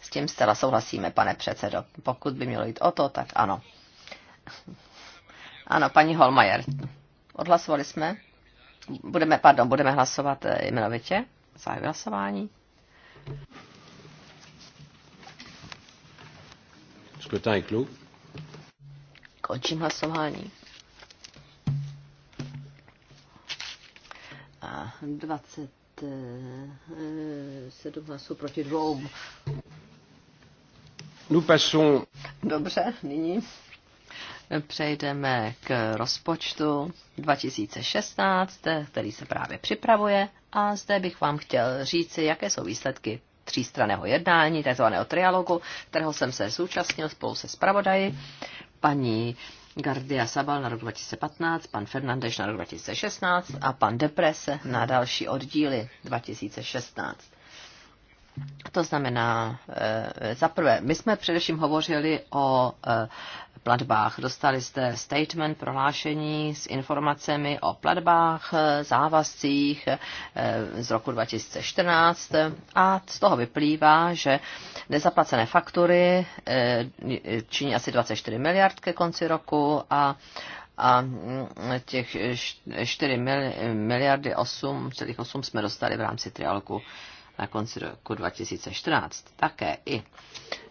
Speaker 2: S tím zcela souhlasíme, pane předsedo. Pokud by mělo jít o to, tak ano. Ano, paní Holmajer, odhlasovali jsme. Budeme, pardon, budeme hlasovat eh, jmenovitě. za hlasování. Končím hlasování. 27 hlasů proti dvou. Nous passons... Dobře, nyní přejdeme k rozpočtu 2016, který se právě připravuje. A zde bych vám chtěl říci, jaké jsou výsledky třístraného jednání, takzvaného trialogu, kterého jsem se zúčastnil spolu se zpravodaji, paní Gardia Sabal na rok 2015, pan Fernandeš na rok 2016 a pan Deprese na další oddíly 2016. To znamená, eh, za prvé, my jsme především hovořili o eh, platbách. Dostali jste statement, prohlášení s informacemi o platbách, eh, závazcích z roku 2014 a z toho vyplývá, že nezaplacené faktury činí asi 24 miliard ke konci roku a a mm, těch 4 miliardy 8,8 jsme dostali v rámci trialogu na konci roku 2014. Také i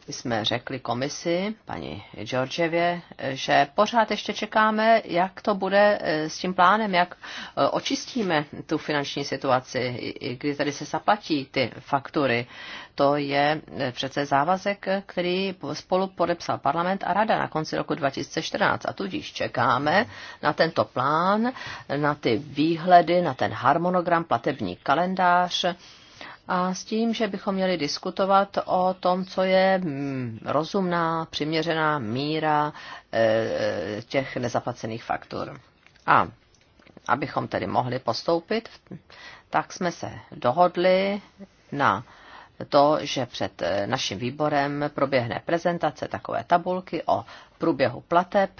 Speaker 2: My jsme řekli komisi, paní Georgievě, že pořád ještě čekáme, jak to bude eh, s tím plánem, jak eh, očistíme tu finanční situaci, kdy tady se zaplatí ty faktury. To je eh, přece závazek, který spolu podepsal parlament a rada na konci roku 2014. A tudíž čekáme na tento plán, na ty výhledy, na ten harmonogram, platební kalendář, a s tím, že bychom měli diskutovat o tom, co je mm, rozumná, přiměřená míra e, e, těch nezaplacených faktur. A abychom tedy mohli postoupit, tak jsme se dohodli na to, že před e, naším výborem proběhne prezentace takové tabulky o průběhu plateb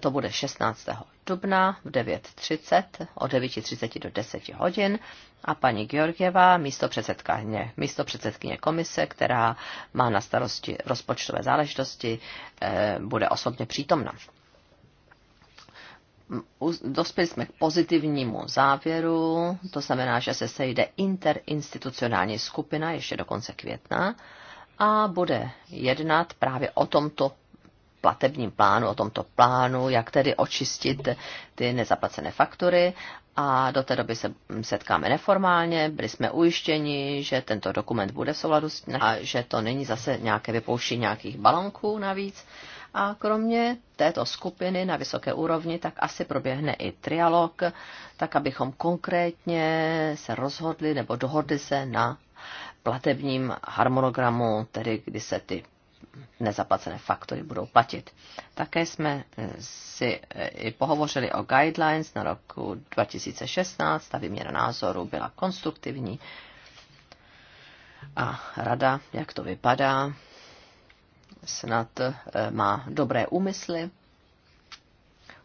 Speaker 2: to bude 16. dubna v 9.30, od 9.30 do 10 hodin a paní Georgieva, místo předsedkyně, místo předsedkyně komise, která má na starosti rozpočtové záležitosti, eh, bude osobně přítomna. Dospěli jsme k pozitivnímu závěru, to znamená, že se sejde interinstitucionální skupina ještě do konce května a bude jednat právě o tomto platebním plánu, o tomto plánu, jak tedy očistit ty nezaplacené faktury a do té doby se setkáme neformálně, byli jsme ujištěni, že tento dokument bude v souladu s a že to není zase nějaké vypouštění nějakých balonků navíc. A kromě této skupiny na vysoké úrovni, tak asi proběhne i trialog, tak abychom konkrétně se rozhodli nebo dohodli se na platebním harmonogramu, tedy kdy se ty nezaplacené faktory budou platit. Také jsme eh, si eh, i pohovořili o guidelines na roku 2016, ta výměna názoru byla konstruktivní a rada, jak to vypadá, snad eh, má dobré úmysly.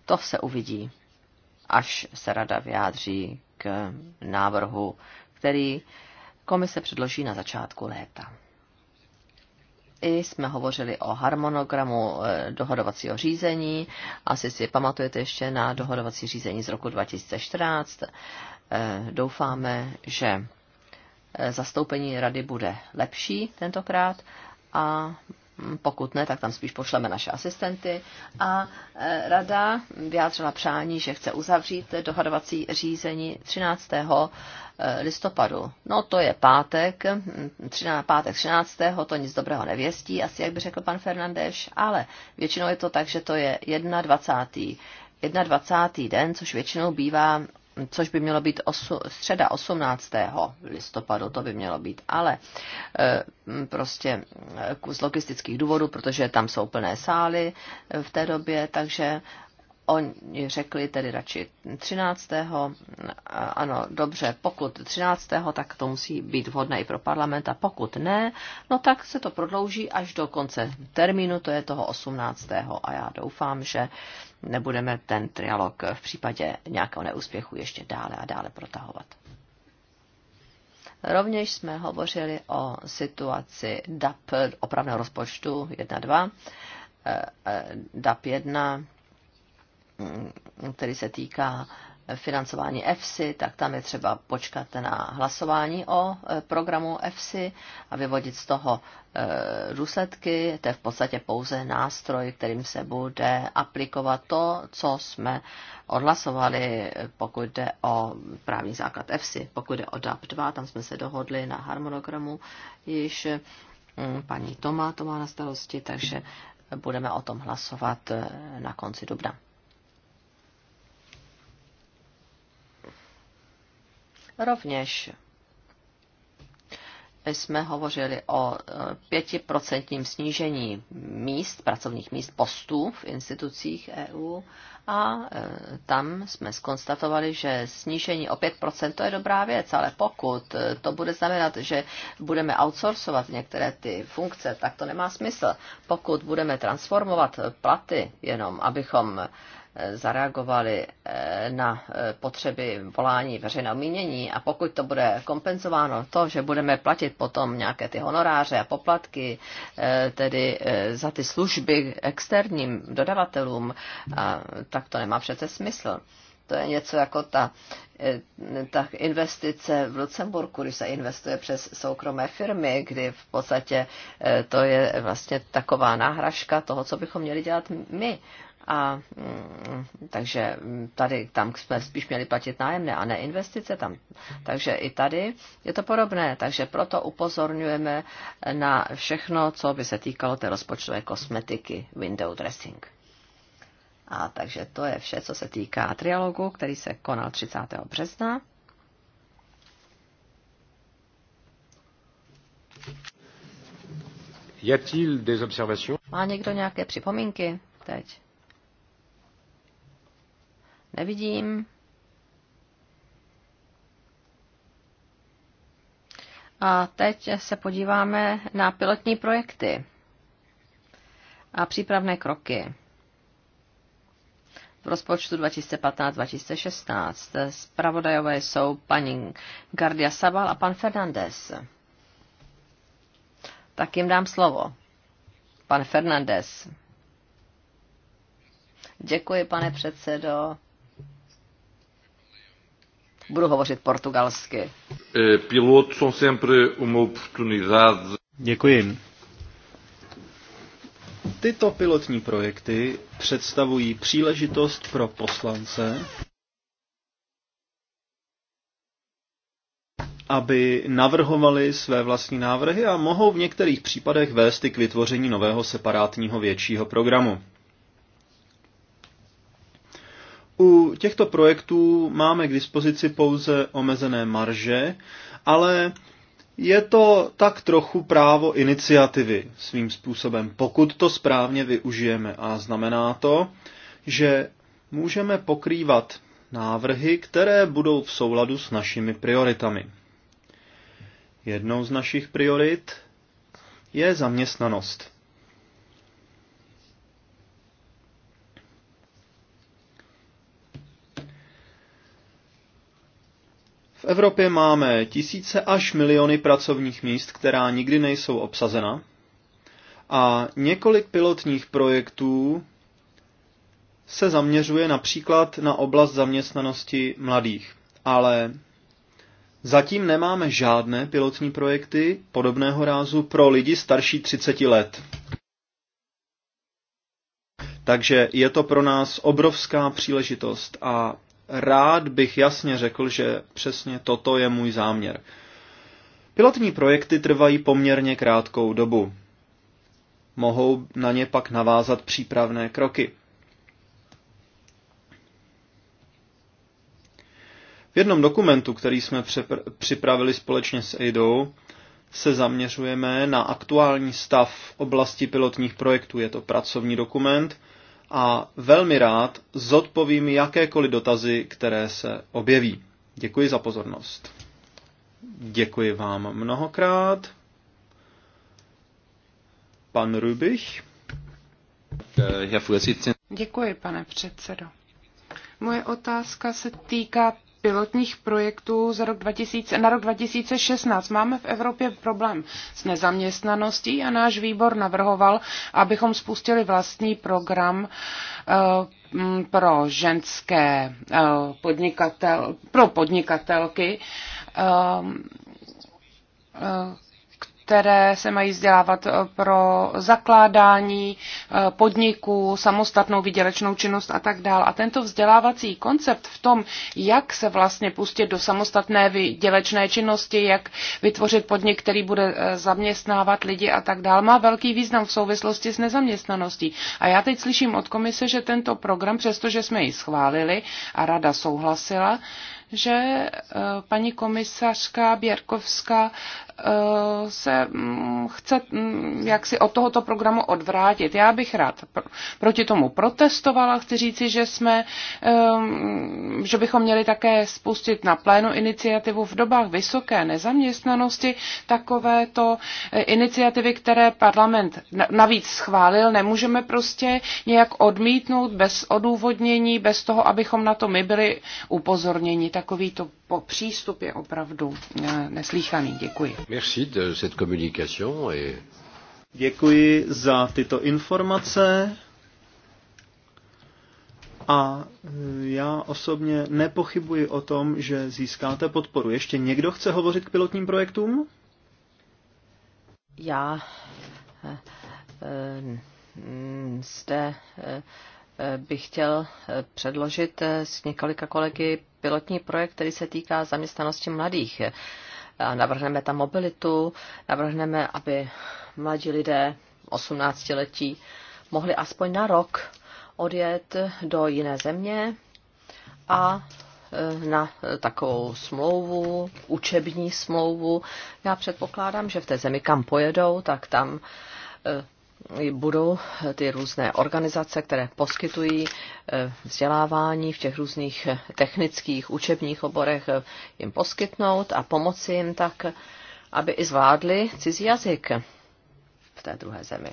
Speaker 2: To se uvidí, až se rada vyjádří k návrhu, který komise předloží na začátku léta i jsme hovořili o harmonogramu eh, dohodovacího řízení. Asi si pamatujete ještě na dohodovací řízení z roku 2014. Eh, doufáme, že eh, zastoupení rady bude lepší tentokrát a pokud ne, tak tam spíš pošleme naše asistenty. A e, rada vyjádřila přání, že chce uzavřít dohadovací řízení 13. E, listopadu. No to je pátek, 13, pátek 13. to nic dobrého nevěstí, asi jak by řekl pan Fernandeš, ale většinou je to tak, že to je 21. 21. den, což většinou bývá což by mělo být osu, středa 18. listopadu, to by mělo být, ale e, prostě eh, z logistických důvodů, protože tam jsou plné sály eh, v té době, takže Oni řekli tedy radši 13. Ano, dobře, pokud 13. tak to musí být vhodné i pro parlament a pokud ne, no tak se to prodlouží až do konce termínu, to je toho 18. a já doufám, že nebudeme ten trialog v případě nějakého neúspěchu ještě dále a dále protahovat. Rovněž jsme hovořili o situaci DAP opravného rozpočtu 1.2, DAP 1, Mm, který se týká financování EFSI, tak tam je třeba počkat na hlasování o e, programu EFSI a vyvodit z toho e, důsledky. To je v podstatě pouze nástroj, kterým se bude aplikovat to, co jsme odhlasovali, pokud jde o právní základ EFSI. Pokud jde o DAP 2, tam jsme se dohodli na harmonogramu již mm, paní Toma to má na starosti, takže budeme o tom hlasovat e, na konci dubna. Rovněž jsme hovořili o eh, pětiprocentním snížení míst, pracovních míst postů v institucích EU a eh, tam jsme skonstatovali, že snížení o 5% to je dobrá věc, ale pokud eh, to bude znamenat, že budeme outsourcovat některé ty funkce, tak to nemá smysl. Pokud budeme transformovat platy jenom, abychom zareagovali eh, na eh, potřeby volání veřejného mínění a pokud to bude kompenzováno to, že budeme platit potom nějaké ty honoráře a poplatky, eh, tedy za ty služby externím dodavatelům, tak to nemá přece smysl. To je něco jako ta, eh, ta investice v Lucemburku, když se investuje přes soukromé firmy, kdy v podstatě eh, to je vlastně taková náhražka toho, co bychom měli dělat my. A mm, takže mm, tady, tam jsme spíš měli platit nájemné a ne investice tam. Takže i tady je to podobné. Takže proto upozorňujeme na všechno, co by se týkalo té rozpočtové kosmetiky window dressing. A takže to je vše, co se týká trialogu, který se konal 30. března. Y a-t-il des observations? Má někdo nějaké připomínky teď? Nevidím. A teď se podíváme na pilotní projekty a přípravné kroky v rozpočtu 2015-2016. Spravodajové jsou paní Gardia Sabal a pan Fernandez. Tak jim dám slovo. Pan Fernandez. Děkuji, pane předsedo. Budu hovořit portugalsky.
Speaker 1: Eh, pilot jsou sempre uma oportunidade. Děkuji. Tyto pilotní projekty představují příležitost pro poslance, aby navrhovali své vlastní návrhy a mohou v některých případech vést i k vytvoření nového separátního většího programu. U těchto projektů máme k dispozici pouze omezené marže, ale je to tak trochu právo iniciativy svým způsobem, pokud to správně využijeme. A znamená to, že můžeme pokrývat návrhy, které budou v souladu s našimi prioritami. Jednou z našich priorit je zaměstnanost. V Evropě máme tisíce až miliony pracovních míst, která nikdy nejsou obsazena, a několik pilotních projektů se zaměřuje například na oblast zaměstnanosti mladých. Ale zatím nemáme žádné pilotní projekty podobného rázu pro lidi starší 30 let. Takže je to pro nás obrovská příležitost a rád bych jasně řekl, že přesně toto je můj záměr. Pilotní projekty trvají poměrně krátkou dobu. Mohou na ně pak navázat přípravné kroky. V jednom dokumentu, který jsme připravili společně s EIDou, se zaměřujeme na aktuální stav oblasti pilotních projektů. Je to pracovní dokument, a velmi rád zodpovím jakékoliv dotazy, které se objeví. Děkuji za pozornost. Děkuji vám mnohokrát. Pan Rubich. Eh,
Speaker 3: Děkuji, pane předsedo. Moje otázka se týká pilotních projektů za rok 2000, na rok 2016. Máme v Evropě problém s nezaměstnaností a náš výbor navrhoval, abychom spustili vlastní program eh, pro ženské eh, podnikatel, pro podnikatelky eh, které se mají vzdělávat eh, pro zakládání eh, podniků, samostatnou výdělečnou činnost a tak dále. A tento vzdělávací koncept v tom, jak se vlastně pustit do samostatné výdělečné činnosti, jak vytvořit podnik, který bude eh, zaměstnávat lidi a tak dále, má velký význam v souvislosti s nezaměstnaností. A já teď slyším od komise, že tento program, přestože jsme ji schválili a rada souhlasila, že paní komisařka Běrkovská Eh, se mm, chce mm, jak si od tohoto programu odvrátit. Já bych rád proti tomu protestovala. Chci říci, že jsme, eh, že bychom měli také spustit na plénu iniciativu v dobách vysoké nezaměstnanosti takovéto eh, iniciativy, které parlament navíc schválil, nemůžeme prostě nějak odmítnout bez odůvodnění, bez toho, abychom na to my byli upozorněni. Takovýto přístup je opravdu neslíchaný. Děkuji. Merci de cette communication et...
Speaker 1: Děkuji za tyto informace. A já osobně nepochybuji o tom, že získáte podporu. Ještě někdo chce hovořit k pilotním projektům?
Speaker 2: Já eh, eh, zde eh, bych chtěl předložit s několika kolegy pilotní projekt, který se týká zaměstnanosti mladých navrhneme tam mobilitu, navrhneme, aby mladí lidé 18-letí mohli aspoň na rok odjet do jiné země a e, na takovou smlouvu, učební smlouvu. Já předpokládám, že v té zemi, kam pojedou, tak tam e, budou ty různé organizace, které poskytují eh, vzdělávání v těch různých eh, technických učebních oborech, eh, jim poskytnout a pomoci jim tak, aby i zvládli cizí jazyk v té druhé zemi.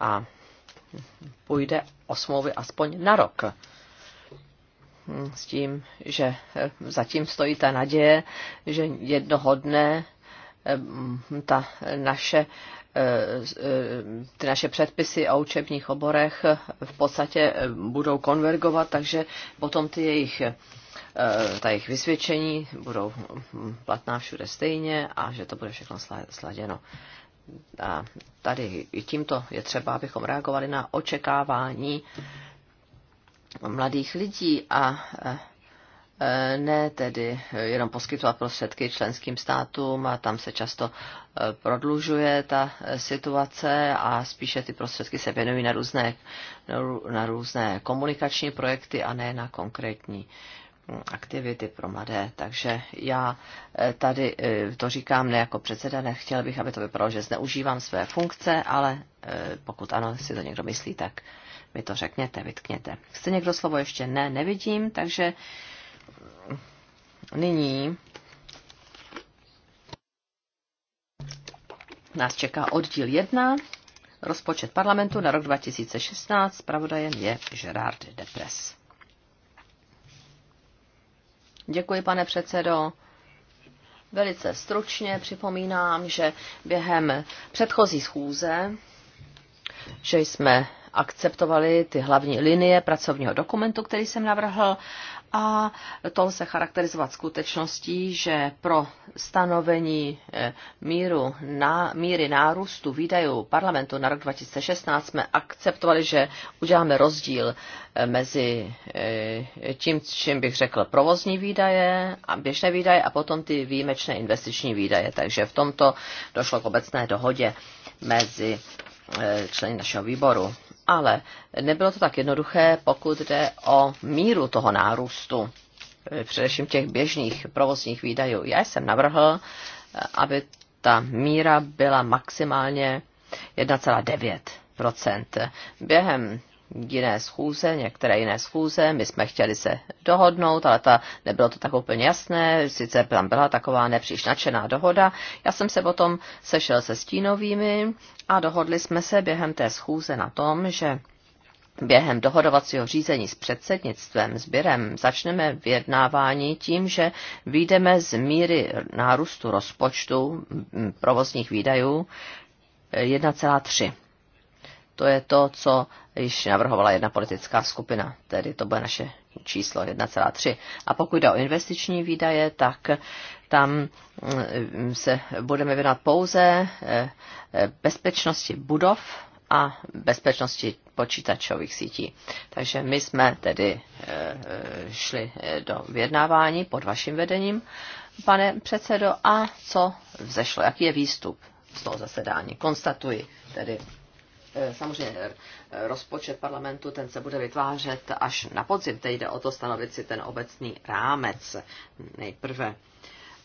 Speaker 2: A půjde o smlouvy aspoň na rok. Hmm, s tím, že zatím stojí ta naděje, že jednoho dne ta naše ty naše předpisy o učebních oborech v podstatě eh, budou konvergovat, takže potom ty jejich eh, ta jejich vysvědčení budou hm, platná všude stejně a že to bude všechno sladěno. A tady i tímto je třeba, abychom reagovali na očekávání mladých lidí a eh, Eh, ne tedy eh, jenom poskytovat prostředky členským státům a tam se často eh, prodlužuje ta situace a spíše ty prostředky se věnují na různé, na různé komunikační projekty a ne na konkrétní hm, aktivity pro mladé. Takže já tady to říkám ne jako předseda, nechtěl bych, aby to vypadalo, že zneužívám své funkce, ale pokud ano, si to někdo myslí, tak mi to řekněte, vytkněte. Chce někdo slovo ještě? Ne, nevidím, takže Nyní nás čeká oddíl 1, rozpočet parlamentu na rok 2016, zpravodajem je Gerard Depres. Děkuji, pane předsedo. Velice stručně připomínám, že během předchozí schůze, že jsme akceptovali ty hlavní linie pracovního dokumentu, který jsem navrhl. A to se charakterizovat skutečností, že pro stanovení eh, míru na, míry nárůstu výdajů parlamentu na rok 2016 jsme akceptovali, že uděláme rozdíl eh, mezi eh, tím, čím bych řekl provozní výdaje a běžné výdaje a potom ty výjimečné investiční výdaje. Takže v tomto došlo k obecné dohodě mezi členy našeho výboru ale nebylo to tak jednoduché, pokud jde o míru toho nárůstu, eh, především těch běžných provozních výdajů. Já jsem navrhl, eh, aby ta míra byla maximálně 1,9 během jiné schůze, některé jiné schůze, my jsme chtěli se dohodnout, ale ta, nebylo to tak úplně jasné, sice tam byla taková nepříliš nadšená dohoda. Já jsem se potom sešel se stínovými a dohodli jsme se během té schůze na tom, že Během dohodovacího řízení s předsednictvem sběrem začneme vyjednávání tím, že výjdeme z míry nárůstu rozpočtu provozních výdajů eh, to je to, co již navrhovala jedna politická skupina, tedy to bude naše číslo 1,3. A pokud jde o investiční výdaje, tak tam mm, se budeme věnovat pouze eh, eh, bezpečnosti budov a bezpečnosti počítačových sítí. Takže my jsme tedy eh, šli do vyjednávání pod vaším vedením, pane předsedo, a co vzešlo, jaký je výstup z toho zasedání. Konstatuji tedy Eh, samozřejmě eh, rozpočet parlamentu, ten se bude vytvářet až na podzim. Teď jde o to stanovit si ten obecný rámec nejprve,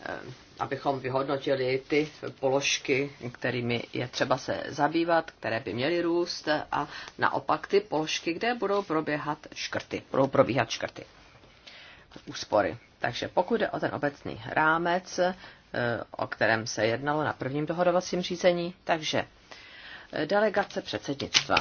Speaker 2: eh, abychom vyhodnotili ty položky, kterými je třeba se zabývat, které by měly růst a naopak ty položky, kde budou proběhat škrty, budou probíhat škrty úspory. Takže pokud jde o ten obecný rámec, o kterém se jednalo na prvním dohodovacím řízení, takže delegace předsednictva.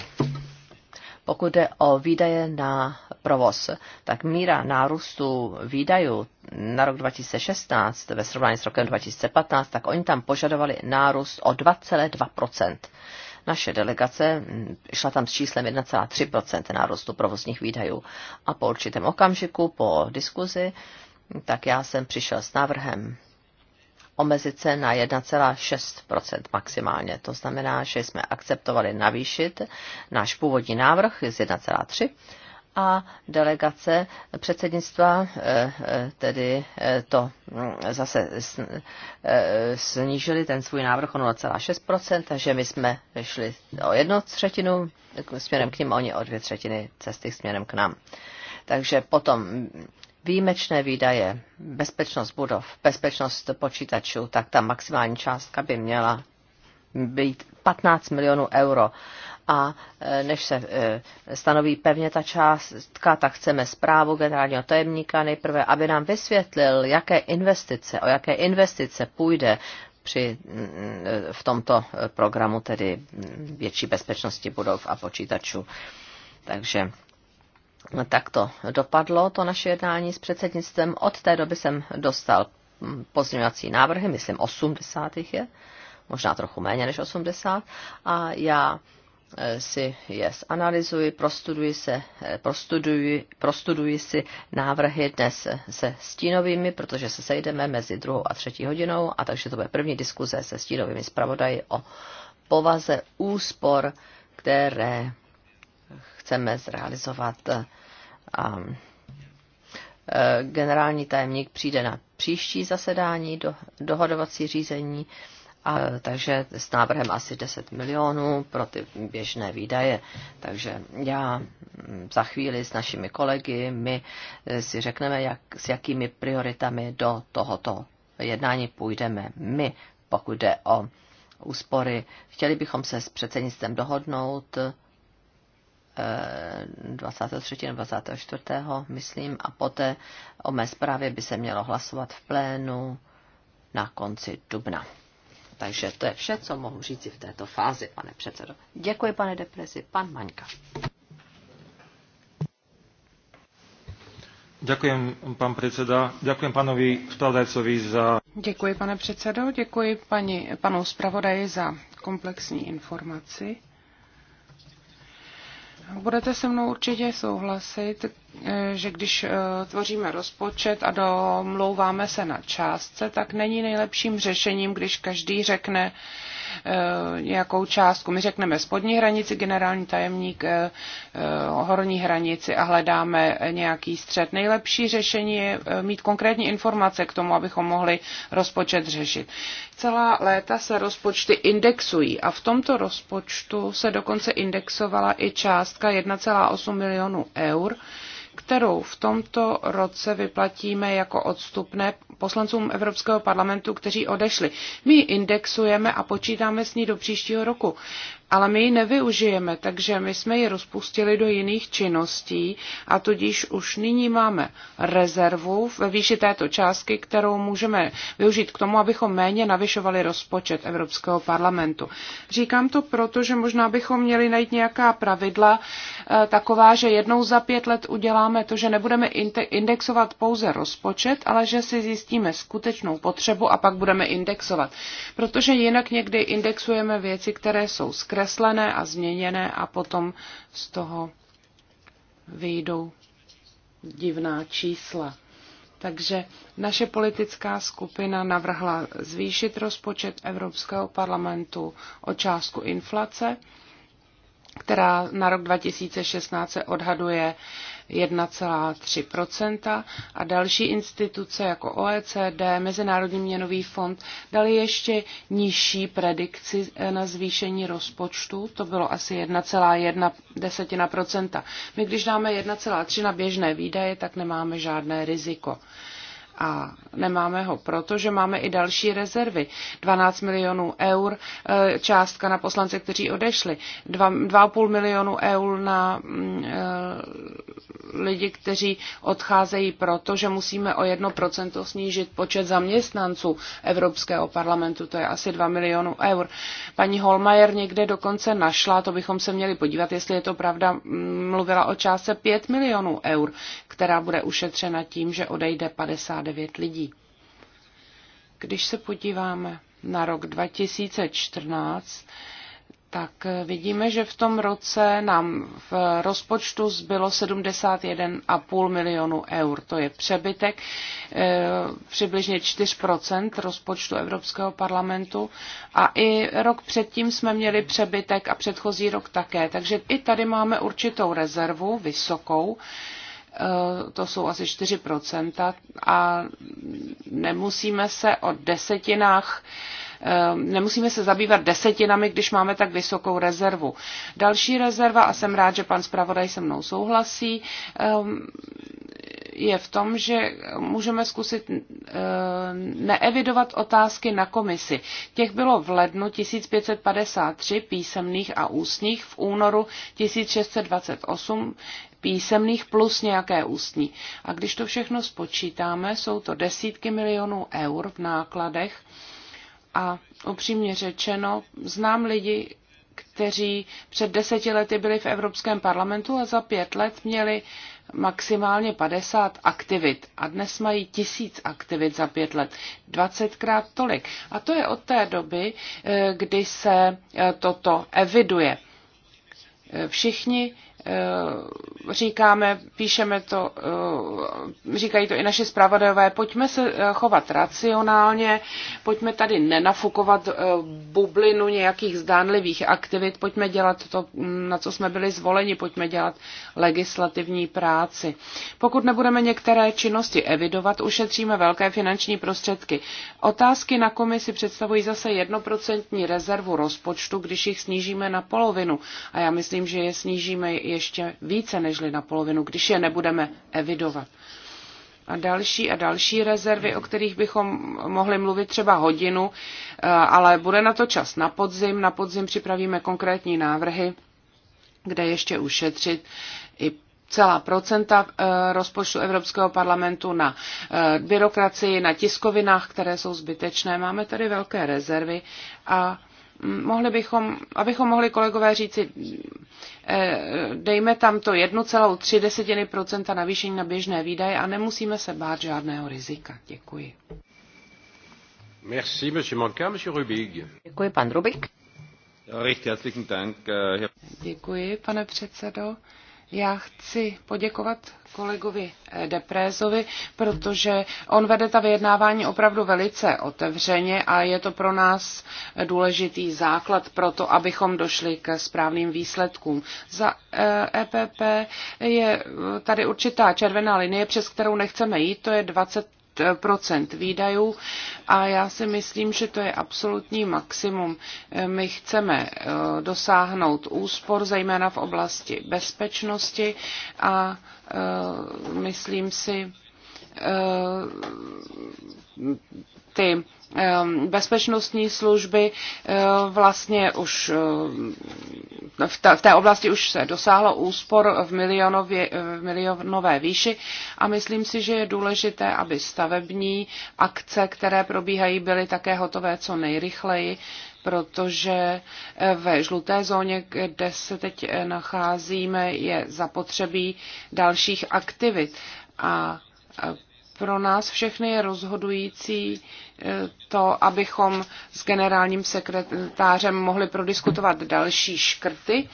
Speaker 2: Pokud jde o výdaje na provoz, tak míra nárůstu výdajů na rok 2016 ve srovnání s rokem 2015, tak oni tam požadovali nárůst o 2,2 naše delegace hm, šla tam s číslem 1,3 nárůstu provozních výdajů. A po určitém okamžiku, po diskuzi, tak já jsem přišel s návrhem omezit se na 1,6 maximálně. To znamená, že jsme akceptovali navýšit náš původní návrh z 1,3 a delegace předsednictva eh, eh, tedy eh, to hm, zase snížili ten svůj návrh o 0,6%, takže my jsme šli o jednu třetinu směrem k ním, oni o dvě třetiny cesty směrem k nám. Takže potom výjimečné výdaje, bezpečnost budov, bezpečnost počítačů, tak ta maximální částka by měla být 15 milionů euro. A e, než se e, stanoví pevně ta částka, tak chceme zprávu generálního tajemníka nejprve, aby nám vysvětlil, jaké investice, o jaké investice půjde při, e, v tomto programu, tedy větší bezpečnosti budov a počítačů. Takže tak to dopadlo, to naše jednání s předsednictvem. Od té doby jsem dostal pozměňovací návrhy, myslím 80 je, možná trochu méně než 80, a já eh, si je zanalizuji, prostuduji, se, eh, prostuduji, prostuduji si návrhy dnes se stínovými, protože se sejdeme mezi druhou a třetí hodinou, a takže to bude první diskuze se stínovými zpravodaji o povaze úspor, které chceme zrealizovat eh, a e, generální tajemník přijde na příští zasedání do, dohodovací řízení, a, takže s návrhem asi 10 milionů pro ty běžné výdaje. Takže já za chvíli s našimi kolegy, my e, si řekneme, jak, s jakými prioritami do tohoto jednání půjdeme my, pokud jde o úspory. Chtěli bychom se s předsednictvem dohodnout, 23. a 24. myslím, a poté o mé zprávě by se mělo hlasovat v plénu na konci dubna. Takže to je vše, co mohu říci v této fázi, pane předsedo. Děkuji, pane depresi. Pan Maňka.
Speaker 1: Děkuji, pan předseda. Děkuji panovi zpravodajcovi za...
Speaker 3: Děkuji, pane předsedo. Děkuji paní, panu zpravodaji za komplexní informaci. Budete se mnou určitě souhlasit, Eh, že když eh, tvoříme rozpočet a domlouváme se na částce, tak není nejlepším řešením, když každý řekne eh, nějakou částku. My řekneme spodní hranici, generální tajemník horní hranici a hledáme nějaký střed. Nejlepší řešení je mít konkrétní informace k tomu, abychom mohli rozpočet řešit. Celá léta se rozpočty indexují a v tomto rozpočtu se dokonce indexovala i částka 1,8 milionů eur kterou v tomto roce vyplatíme jako odstupné poslancům Evropského parlamentu, kteří odešli. My ji indexujeme a počítáme s ní do příštího roku ale my ji nevyužijeme, takže my jsme ji rozpustili do jiných činností a tudíž už nyní máme rezervu ve výši této částky, kterou můžeme využít k tomu, abychom méně navyšovali rozpočet Evropského parlamentu. Říkám to proto, že možná bychom měli najít nějaká pravidla eh, taková, že jednou za pět let uděláme to, že nebudeme indexovat pouze rozpočet, ale že si zjistíme skutečnou potřebu a pak budeme indexovat. Protože jinak někdy indexujeme věci, které jsou zkreslené zkreslené a změněné a potom z toho vyjdou divná čísla. Takže naše politická skupina navrhla zvýšit rozpočet Evropského parlamentu o částku inflace, která na rok 2016 se odhaduje 1,3 a další instituce jako OECD, Mezinárodní měnový fond dali ještě nižší predikci eh, na zvýšení rozpočtu, to bylo asi 1,1 My když dáme 1,3 na běžné výdaje, tak nemáme žádné riziko a nemáme ho, protože máme i další rezervy. 12 milionů eur e, částka na poslance, kteří odešli. 2,5 milionu eur na mm, e, lidi, kteří odcházejí proto, že musíme o 1% snížit počet zaměstnanců Evropského parlamentu. To je asi 2 milionů eur. Paní Holmajer někde dokonce našla, to bychom se měli podívat, jestli je to pravda, mluvila o částce 5 milionů eur, která bude ušetřena tím, že odejde 59 devět lidí. Když se podíváme na rok 2014, tak vidíme, že v tom roce nám v rozpočtu zbylo 71,5 milionů eur. To je přebytek eh, přibližně 4 rozpočtu Evropského parlamentu. A i rok předtím jsme měli přebytek a předchozí rok také. Takže i tady máme určitou rezervu vysokou Eh, to jsou asi 4%, a nemusíme se o desetinách eh, nemusíme se zabývat desetinami, když máme tak vysokou rezervu. Další rezerva, a jsem rád, že pan zpravodaj se mnou souhlasí, eh, je v tom, že můžeme zkusit neevidovat otázky na komisi. Těch bylo v lednu 1553 písemných a ústních, v únoru 1628 písemných plus nějaké ústní. A když to všechno spočítáme, jsou to desítky milionů eur v nákladech a upřímně řečeno, znám lidi, kteří před deseti lety byli v Evropském parlamentu a za pět let měli maximálně 50 aktivit a dnes mají tisíc aktivit za pět let, 20krát tolik. A to je od té doby, eh, kdy se eh, toto eviduje. Eh, všichni Eh, říkáme, píšeme to, eh, říkají to i naše zpravodajové, pojďme se eh, chovat racionálně, pojďme tady nenafukovat bublinu nějakých zdánlivých aktivit, pojďme dělat to, na co jsme byli zvoleni, pojďme dělat legislativní práci. Pokud nebudeme některé činnosti evidovat, ušetříme velké finanční prostředky. Otázky na komisi představují zase jednoprocentní rezervu rozpočtu, když jich snížíme na polovinu. A já myslím, že je snížíme i ještě více nežli na polovinu, když je nebudeme evidovat. A další a další rezervy, o kterých bychom mohli mluvit třeba hodinu, eh, ale bude na to čas na podzim. Na podzim připravíme konkrétní návrhy, kde ještě ušetřit i celá procenta eh, rozpočtu Evropského parlamentu na eh, byrokracii, na tiskovinách, které jsou zbytečné. Máme tady velké rezervy a mohli bychom, abychom mohli kolegové říci, eh, dejme tam to 1,3% navýšení na běžné výdaje a nemusíme se bát žádného rizika. Děkuji. Merci, monsieur Manka, monsieur Rubig. Děkuji, pan Rubik. Eh, Děkuji, pane předsedo. Já chci poděkovat kolegovi eh, Deprézovi, protože on vede ta vyjednávání opravdu velice otevřeně a je to pro nás eh, důležitý základ pro to, abychom došli k správným výsledkům. Za EPP eh, e je tady určitá červená linie, přes kterou nechceme jít, to je 20 procent výdajů a já si myslím, že to je absolutní maximum. My chceme eh, dosáhnout úspor, zejména v oblasti bezpečnosti a eh, myslím si, eh, ty ehm, bezpečnostní služby eh, vlastně už ehm, v té oblasti už se dosáhlo úspor v, milionově, eh, v milionové výši a myslím si, že je důležité, aby stavební akce, které probíhají, byly také hotové co nejrychleji, protože eh, ve žluté zóně, kde se teď nacházíme, je zapotřebí dalších aktivit a pro nás všechny je rozhodující e, to, abychom s generálním sekretářem mohli prodiskutovat další škrty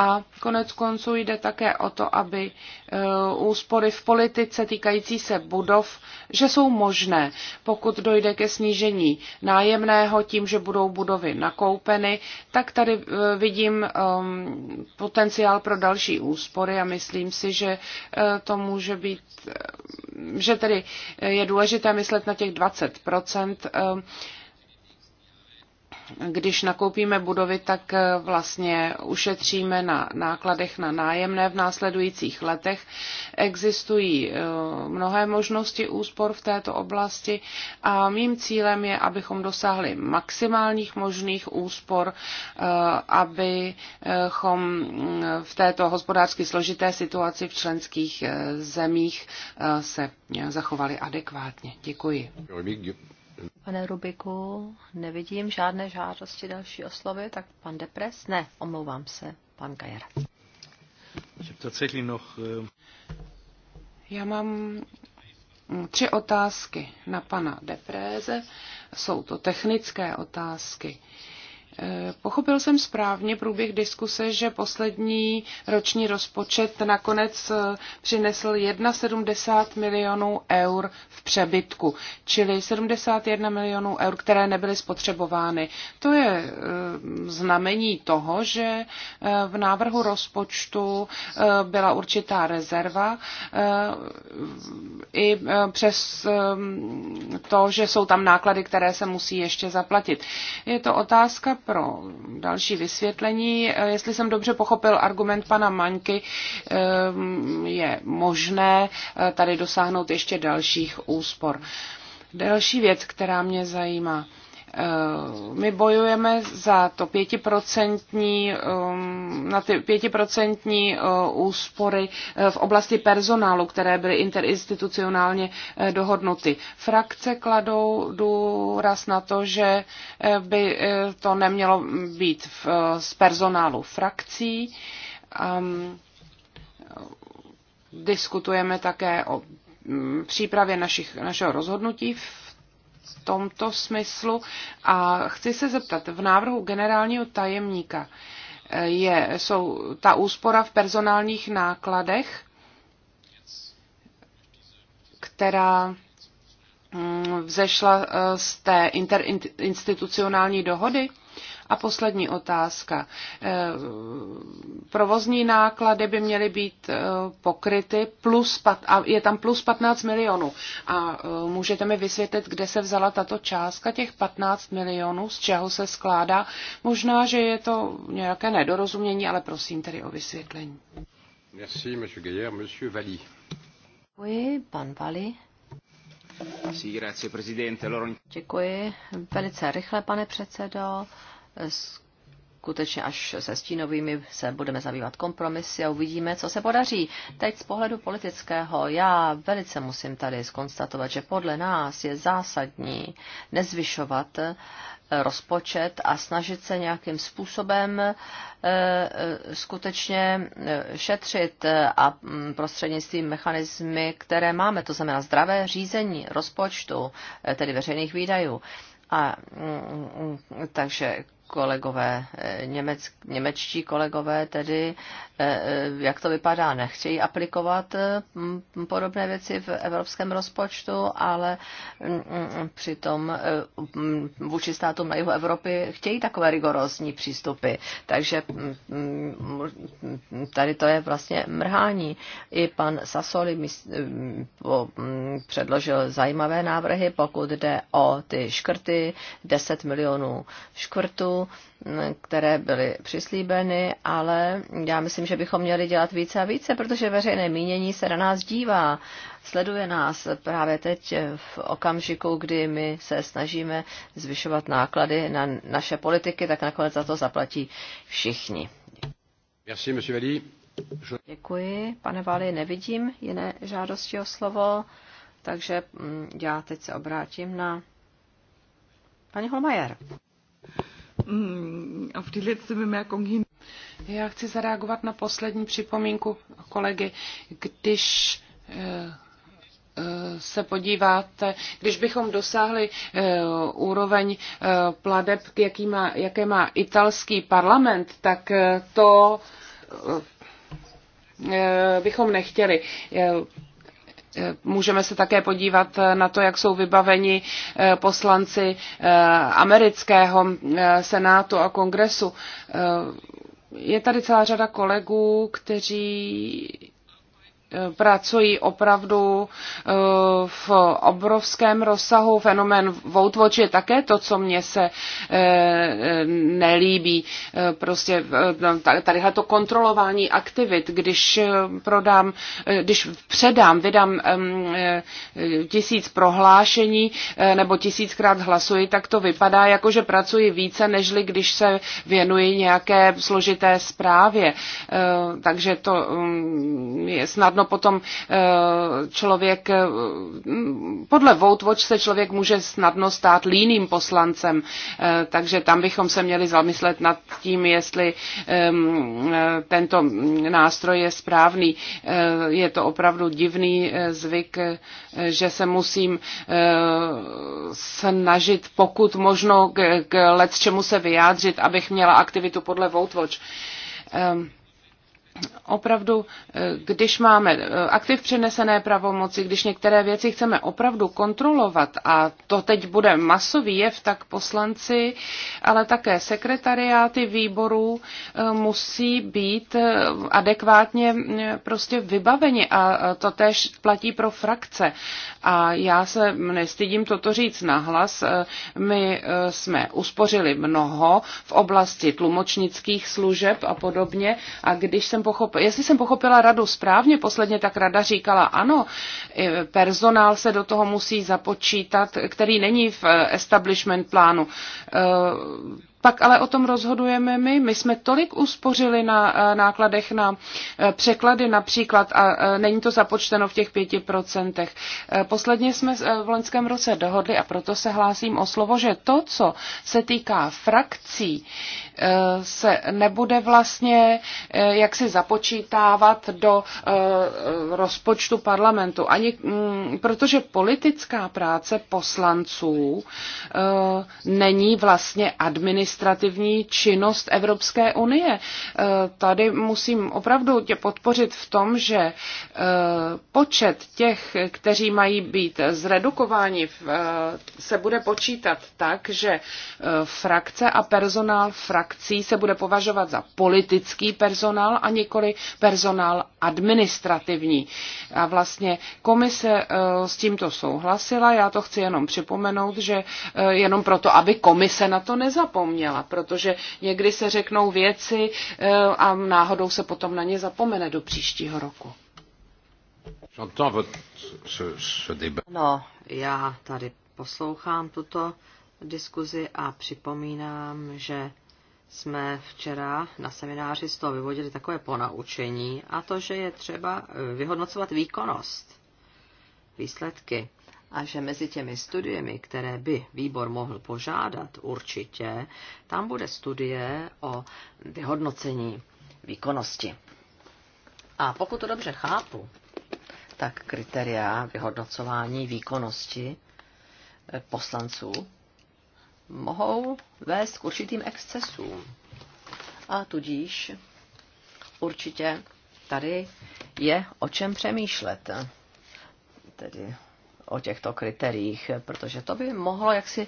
Speaker 3: a konec konců jde také o to, aby e, úspory v politice týkající se budov, že jsou možné, pokud dojde ke snížení nájemného tím, že budou budovy nakoupeny, tak tady e, vidím um, potenciál pro další úspory a myslím si, že e, to může být, že tedy je důležité myslet na těch 20 když nakoupíme budovy, tak eh, vlastně ušetříme na nákladech na nájemné v následujících letech. Existují eh, mnohé možnosti úspor v této oblasti a mým cílem je, abychom dosáhli maximálních možných úspor, eh, abychom mm, v této hospodářsky složité situaci v členských zemích se zachovali adekvátně. Děkuji.
Speaker 2: Pane Rubiku, nevidím žádné žádosti další oslovy, tak pan Depres? Ne,
Speaker 3: omlouvám se, pan Gajer.
Speaker 1: Äh,
Speaker 3: Já mám tři otázky na pana Depréze. Jsou to technické otázky. Uh, Eh, pochopil jsem správně průběh diskuse, že poslední roční rozpočet nakonec eh, přinesl 1,70 milionů eur v přebytku, čili 71 milionů eur, které nebyly spotřebovány. To je eh, znamení toho, že v návrhu rozpočtu byla určitá rezerva i přes to, že jsou tam náklady, které se musí ještě zaplatit. Je to otázka pro další vysvětlení. Eh, jestli jsem dobře pochopil argument pana Maňky, eh, je možné eh, tady dosáhnout ještě dalších úspor. Další věc, která mě zajímá. Eh, my bojujeme za to pětiprocentní, um, na ty pětiprocentní eh, úspory eh, v oblasti personálu, které byly interinstitucionálně dohodnuty. Frakce kladou důraz na to, že by to nemělo být z personálu frakcí. Ehm, diskutujeme také o mm, přípravě našich, našeho rozhodnutí v tomto smyslu a chci se zeptat, v návrhu generálního tajemníka eh, je, jsou ta úspora v personálních nákladech, která mm, vzešla eh, z té interinstitucionální dohody? A poslední otázka. Eh, provozní náklady by měly být eh, pokryty plus, a je tam plus 15 milionů. A eh, můžete mi vysvětlit, kde se vzala tato částka těch 15 milionů, z čeho se skládá? Možná, že je to nějaké nedorozumění, ale prosím tedy o vysvětlení. Merci, monsieur Gaillard. Monsieur Valli. Děkuji, pan Vali.
Speaker 2: Děkuji. Velice rychle, pane předsedo skutečně až se stínovými se budeme zabývat kompromisy a uvidíme, co se podaří. Teď z pohledu politického já velice musím tady skonstatovat, že podle nás je zásadní nezvyšovat eh, rozpočet a snažit se nějakým způsobem eh, eh, skutečně šetřit a mm, prostřednictvím mechanizmy, které máme, to znamená zdravé řízení rozpočtu, tedy veřejných výdajů. A, mm, mm, takže kolegové, eh, němec, němečtí kolegové tedy, eh, eh, jak to vypadá, nechtějí aplikovat podobné věci v evropském rozpočtu, ale mm, mm, přitom vůči státům na jihu Evropy chtějí takové rigorózní přístupy. Takže mm, tady to je vlastně mrhání. I pan Sasoli předložil zajímavé návrhy, pokud jde o ty škrty, 10 milionů škrtů, které byly přislíbeny, ale já myslím, že bychom měli dělat více a více, protože veřejné mínění se na nás dívá, sleduje nás právě teď v okamžiku, kdy my se snažíme zvyšovat náklady na naše politiky, tak nakonec za to zaplatí všichni.
Speaker 3: Merci, monsieur Valli.
Speaker 2: Děkuji, pane Vali, nevidím jiné žádosti o slovo, takže mm, já teď se obrátím na
Speaker 3: paní Holmajer. Já chci zareagovat na poslední připomínku kolegy. Když eh, eh, se podíváte, když bychom dosáhli eh, úroveň pladeb, jaký má, jaké má italský parlament, tak to bychom nechtěli. Eh, můžeme se také podívat eh, na to, jak jsou vybaveni eh, poslanci amerického senátu a kongresu. Je tady celá řada kolegů, kteří pracují opravdu eh, v obrovském rozsahu. Fenomén Voutvoč je také to, co mně se eh, nelíbí. Eh, prostě tadyhle to kontrolování aktivit, když prodám, když předám, vydám tisíc prohlášení nebo tisíckrát hlasuji, tak to vypadá jako, že pracuji více, nežli když se věnuji nějaké složité zprávě. Takže to mm, je snad snadno potom eh, člověk, eh, podle Vote Watch se člověk může snadno stát líným poslancem, eh, takže tam bychom se měli zamyslet nad tím, jestli ehm, tento nástroj je správný. Je to opravdu divný zvyk, že se musím snažit pokud možno k, k let čemu se vyjádřit, abych měla aktivitu podle Vote Watch. Um, opravdu, eh, když máme eh, aktiv přenesené pravomoci, když některé věci chceme opravdu kontrolovat, a to teď bude masový jev, tak poslanci, ale také sekretariáty výborů eh, musí být adekvátně prostě vybaveni a to tež platí pro frakce. A já se nestydím toto říct nahlas. My jsme uspořili mnoho v oblasti tlumočnických služeb a podobně a když jsem pochopila, jestli jsem pochopila radu správně posledně, tak rada říkala ano, personál se do toho musí započítat, který není v establishment plánu. Eh, pak ale o tom rozhodujeme my. My jsme tolik uspořili na eh, nákladech na eh, překlady například a není to započteno v těch pěti procentech. Posledně jsme v loňském roce dohodli a proto se hlásím o slovo, že to, co se týká frakcí, se nebude vlastně eh, jak si započítávat do eh, rozpočtu parlamentu. Ani, mm, protože politická práce poslanců eh, není vlastně administrativní činnost Evropské unie. Tady musím opravdu tě podpořit v tom, že počet těch, kteří mají být zredukováni, se bude počítat tak, že frakce a personál frakce akcí se bude považovat za politický personál a nikoli personál administrativní. A vlastně komise eh, s tímto souhlasila, já to chci jenom připomenout, že eh, jenom proto, aby komise na to nezapomněla, protože někdy se řeknou věci eh, a náhodou se potom na ně zapomene do příštího roku. No, já tady poslouchám tuto
Speaker 2: diskuzi a připomínám, že jsme včera na semináři z toho vyvodili takové ponaučení, a to, že je třeba eh, vyhodnocovat výkonnost, výsledky. A že mezi těmi studiemi, které by výbor mohl požádat určitě, tam bude studie o vyhodnocení výkonnosti. A pokud to dobře chápu, tak kritéria vyhodnocování výkonnosti eh, poslanců mohou vést k určitým excesům. A tudíž určitě tady je o čem přemýšlet. Tedy o těchto kritériích, protože to by mohlo jaksi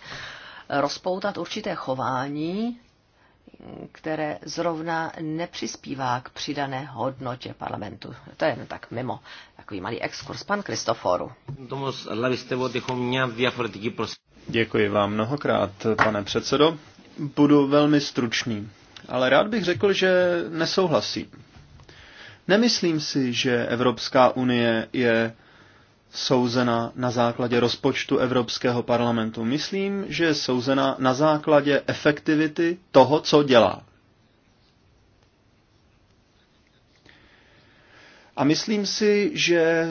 Speaker 2: rozpoutat určité chování, které zrovna nepřispívá k přidané hodnotě parlamentu. To je jen tak mimo. Takový malý exkurs. Pan Kristoforu.
Speaker 3: Děkuji vám
Speaker 1: mnohokrát, pane předsedo. Budu velmi stručný, ale rád bych řekl, že nesouhlasím. Nemyslím si, že Evropská unie je souzena na základě rozpočtu Evropského parlamentu. Myslím, že je souzena na základě efektivity toho, co dělá. A myslím si, že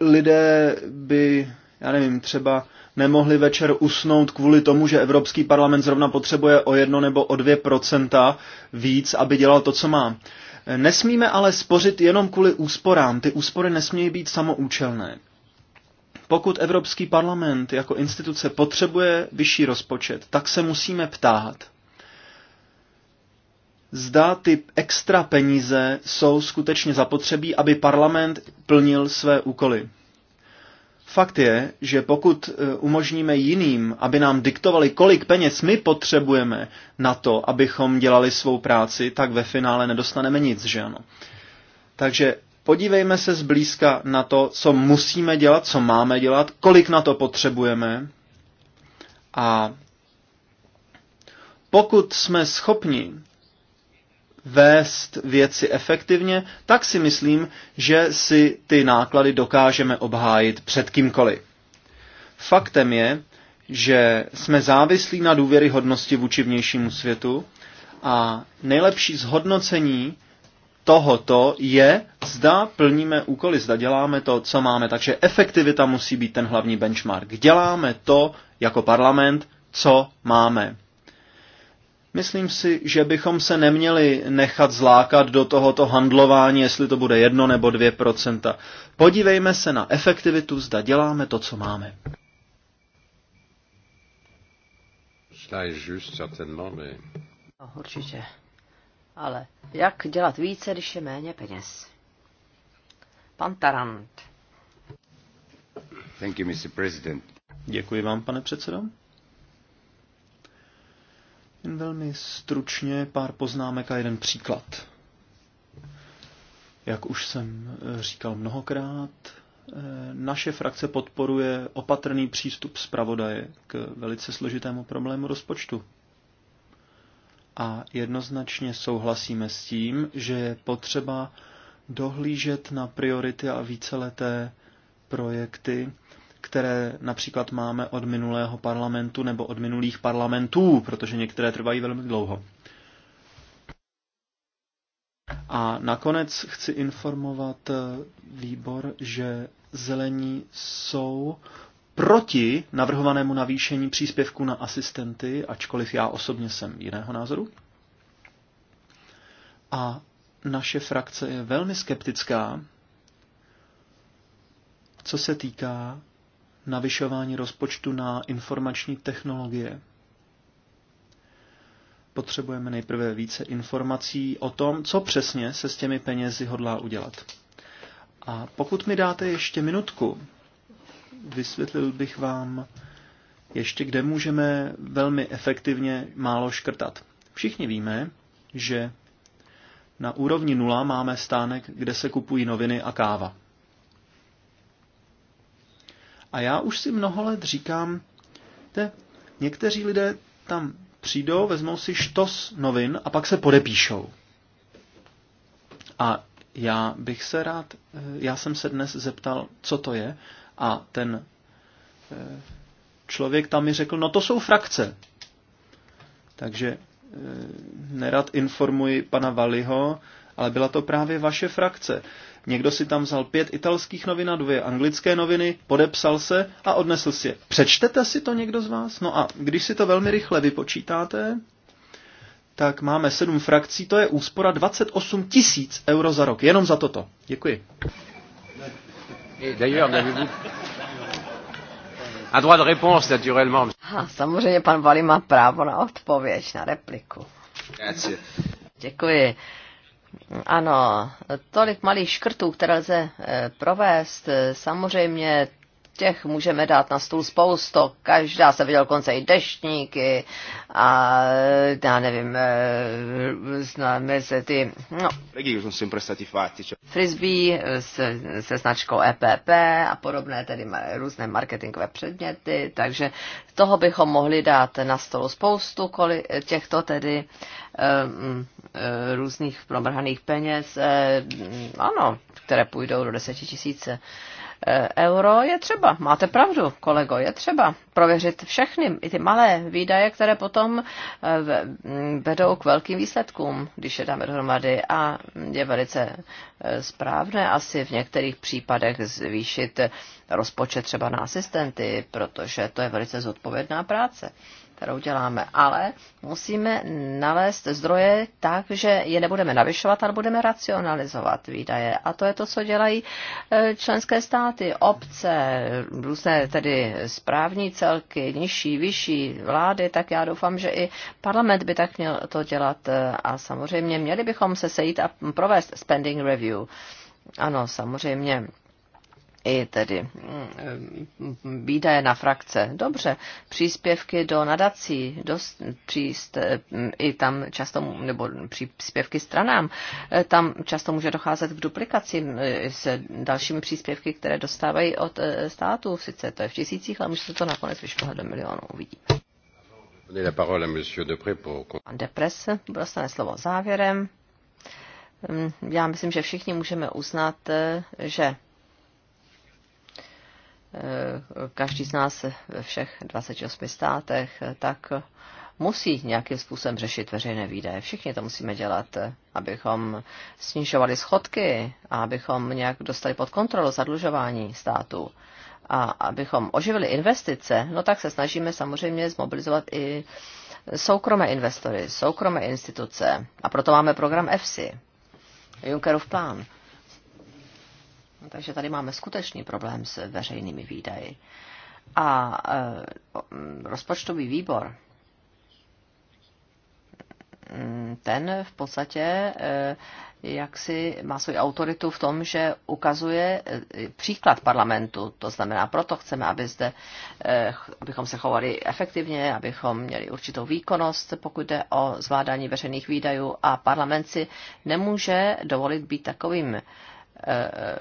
Speaker 1: lidé by já nevím, třeba nemohli večer usnout kvůli tomu, že Evropský parlament zrovna potřebuje o jedno nebo o dvě procenta víc, aby dělal to, co má. Nesmíme ale spořit jenom kvůli úsporám. Ty úspory nesmějí být samoučelné. Pokud Evropský parlament jako instituce potřebuje vyšší rozpočet, tak se musíme ptát, zda ty extra peníze jsou skutečně zapotřebí, aby parlament plnil své úkoly. Fakt je, že pokud e, umožníme jiným, aby nám diktovali, kolik peněz my potřebujeme na to, abychom dělali svou práci, tak ve finále nedostaneme nic, že ano. Takže podívejme se zblízka na to, co musíme dělat, co máme dělat, kolik na to potřebujeme a pokud jsme schopni vést věci efektivně, tak si myslím, že si ty náklady dokážeme obhájit před kýmkoliv. Faktem je, že jsme závislí na důvěryhodnosti vůči vnějšímu světu a nejlepší zhodnocení tohoto je, zda plníme úkoly, zda děláme to, co máme. Takže efektivita musí být ten hlavní benchmark. Děláme to jako parlament, co máme. Myslím si, že bychom se neměli nechat zlákat do tohoto handlování, jestli to bude jedno nebo dvě procenta. Podívejme se na efektivitu, zda děláme to, co máme.
Speaker 2: No, určitě. Ale jak dělat více, když je méně peněz? Pan Tarant.
Speaker 3: Thank you, Mr. President.
Speaker 1: Děkuji vám, pane předsedo. Jen velmi stručně pár poznámek a jeden příklad. Jak už jsem eh, říkal mnohokrát, eh, naše frakce podporuje opatrný přístup zpravodaje k velice složitému problému rozpočtu. A jednoznačně souhlasíme s tím, že je potřeba dohlížet na priority a víceleté projekty které například máme od minulého parlamentu nebo od minulých parlamentů, protože některé trvají velmi dlouho. A nakonec chci informovat eh, výbor, že zelení jsou proti navrhovanému navýšení příspěvku na asistenty, ačkoliv já osobně jsem jiného názoru. A naše frakce je velmi skeptická, co se týká navyšování rozpočtu na informační technologie. Potřebujeme nejprve více informací o tom, co přesně se s těmi penězi hodlá udělat. A pokud mi dáte ještě minutku, vysvětlil bych vám ještě, kde můžeme velmi efektivně málo škrtat. Všichni víme, že na úrovni nula máme stánek, kde se kupují noviny a káva. A já už si mnoho let říkám, te, někteří lidé tam přijdou, vezmou si štos novin a pak se podepíšou. A já bych se rád, eh, já jsem se dnes zeptal, co to je, a ten eh, člověk tam mi řekl, no to jsou frakce. Takže eh, nerad informuji pana Valiho, ale byla to právě vaše frakce. Někdo si tam vzal pět italských novin a dvě anglické noviny, podepsal se a odnesl si je. Přečtete si to někdo z vás? No a když si to velmi rychle vypočítáte, tak máme sedm frakcí, to je úspora 28 tisíc euro za rok, jenom za toto. Děkuji.
Speaker 3: A droit de réponse, naturellement.
Speaker 2: Ha, samozřejmě pan Vali má právo na odpověď, na repliku. Děkuji. Ano, tolik malých škrtů, které lze eh, provést, samozřejmě těch můžeme dát na stůl spoustu. Každá se viděl konce i deštníky a eh, já nevím, eh, známe se ty, no. Frisbee se, se značkou EPP a podobné, tedy různé marketingové předměty, takže toho bychom mohli dát na stůl spoustu koli, těchto tedy um, Eh, různých promrhaných peněz, eh, ano, které půjdou do deseti tisíce eh, euro, je třeba, máte pravdu, kolego, je třeba prověřit všechny, i ty malé výdaje, které potom vedou k velkým výsledkům, když je dáme dohromady a je velice správné asi v některých případech zvýšit rozpočet třeba na asistenty, protože to je velice zodpovědná práce kterou děláme, ale musíme nalézt zdroje tak, že je nebudeme navyšovat, ale budeme racionalizovat výdaje. A to je to, co dělají e, členské státy, obce, různé tedy správní celky, nižší, vyšší vlády, tak já doufám, že i parlament by tak měl to dělat e, a samozřejmě měli bychom se sejít a provést spending review. Ano, samozřejmě i tedy mm, mm, výdaje na frakce. Dobře, příspěvky do nadací, dost, příst, mm, i tam často, nebo příspěvky stranám, e, tam často může docházet k duplikaci e, s dalšími příspěvky, které dostávají od e, státu. Sice to je v tisících, ale může se to nakonec vyšplhat do milionů, uvidíme. Pan Depres dostane slovo závěrem. Já myslím, že všichni můžeme uznat, že Eh, každý z nás ve všech 28 státech, eh, tak musí nějakým způsobem řešit veřejné výdaje. Všichni to musíme dělat, eh, abychom snižovali schodky a abychom nějak dostali pod kontrolu zadlužování státu a abychom oživili investice, no tak se snažíme samozřejmě zmobilizovat i soukromé investory, soukromé instituce. A proto máme program EFSI, Junckerův plán. Takže tady máme skutečný problém s veřejnými výdaji. A e, mm, rozpočtový výbor, mm, ten v podstatě e, jak si má svoji autoritu v tom, že ukazuje e, příklad parlamentu. To znamená, proto chceme, aby zde, abychom se chovali efektivně, abychom měli určitou výkonnost, pokud jde o zvládání veřejných výdajů a parlament si nemůže dovolit být takovým Eh,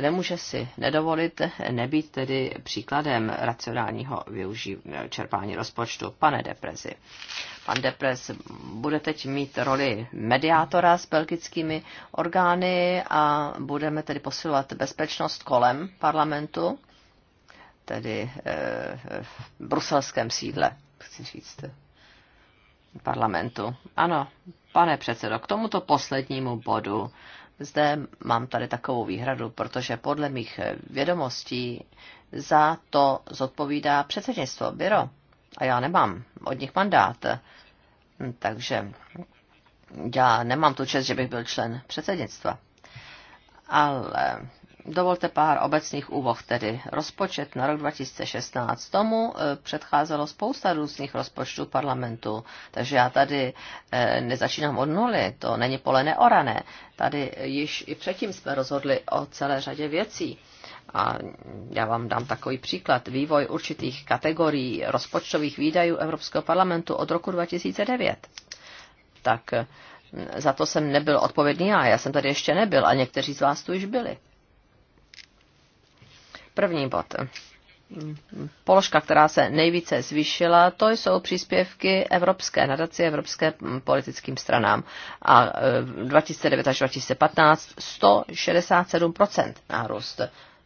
Speaker 2: nemůže si nedovolit nebýt tedy příkladem racionálního využí- čerpání rozpočtu. Pane Deprezi, pan Deprez bude teď mít roli mediátora s belgickými orgány a budeme tedy posilovat bezpečnost kolem parlamentu, tedy eh, v bruselském sídle, chci říct, parlamentu. Ano, pane předsedo, k tomuto poslednímu bodu zde mám tady takovou výhradu, protože podle mých vědomostí za to zodpovídá předsednictvo, byro. A já nemám od nich mandát. Takže já nemám tu čest, že bych byl člen předsednictva. Ale Dovolte pár obecných úvah tedy. Rozpočet na rok 2016 tomu eh, předcházelo spousta různých rozpočtů parlamentu, takže já tady eh, nezačínám od nuly, to není pole neorané. Tady již i předtím jsme rozhodli o celé řadě věcí. A já vám dám takový příklad. Vývoj určitých kategorií rozpočtových výdajů Evropského parlamentu od roku 2009. Tak mm, za to jsem nebyl odpovědný já, já jsem tady ještě nebyl a někteří z vás tu již byli. První bod. Položka, která se nejvíce zvýšila, to jsou příspěvky Evropské nadaci, Evropské politickým stranám. A 2009 e, až 2015 167% nárůst.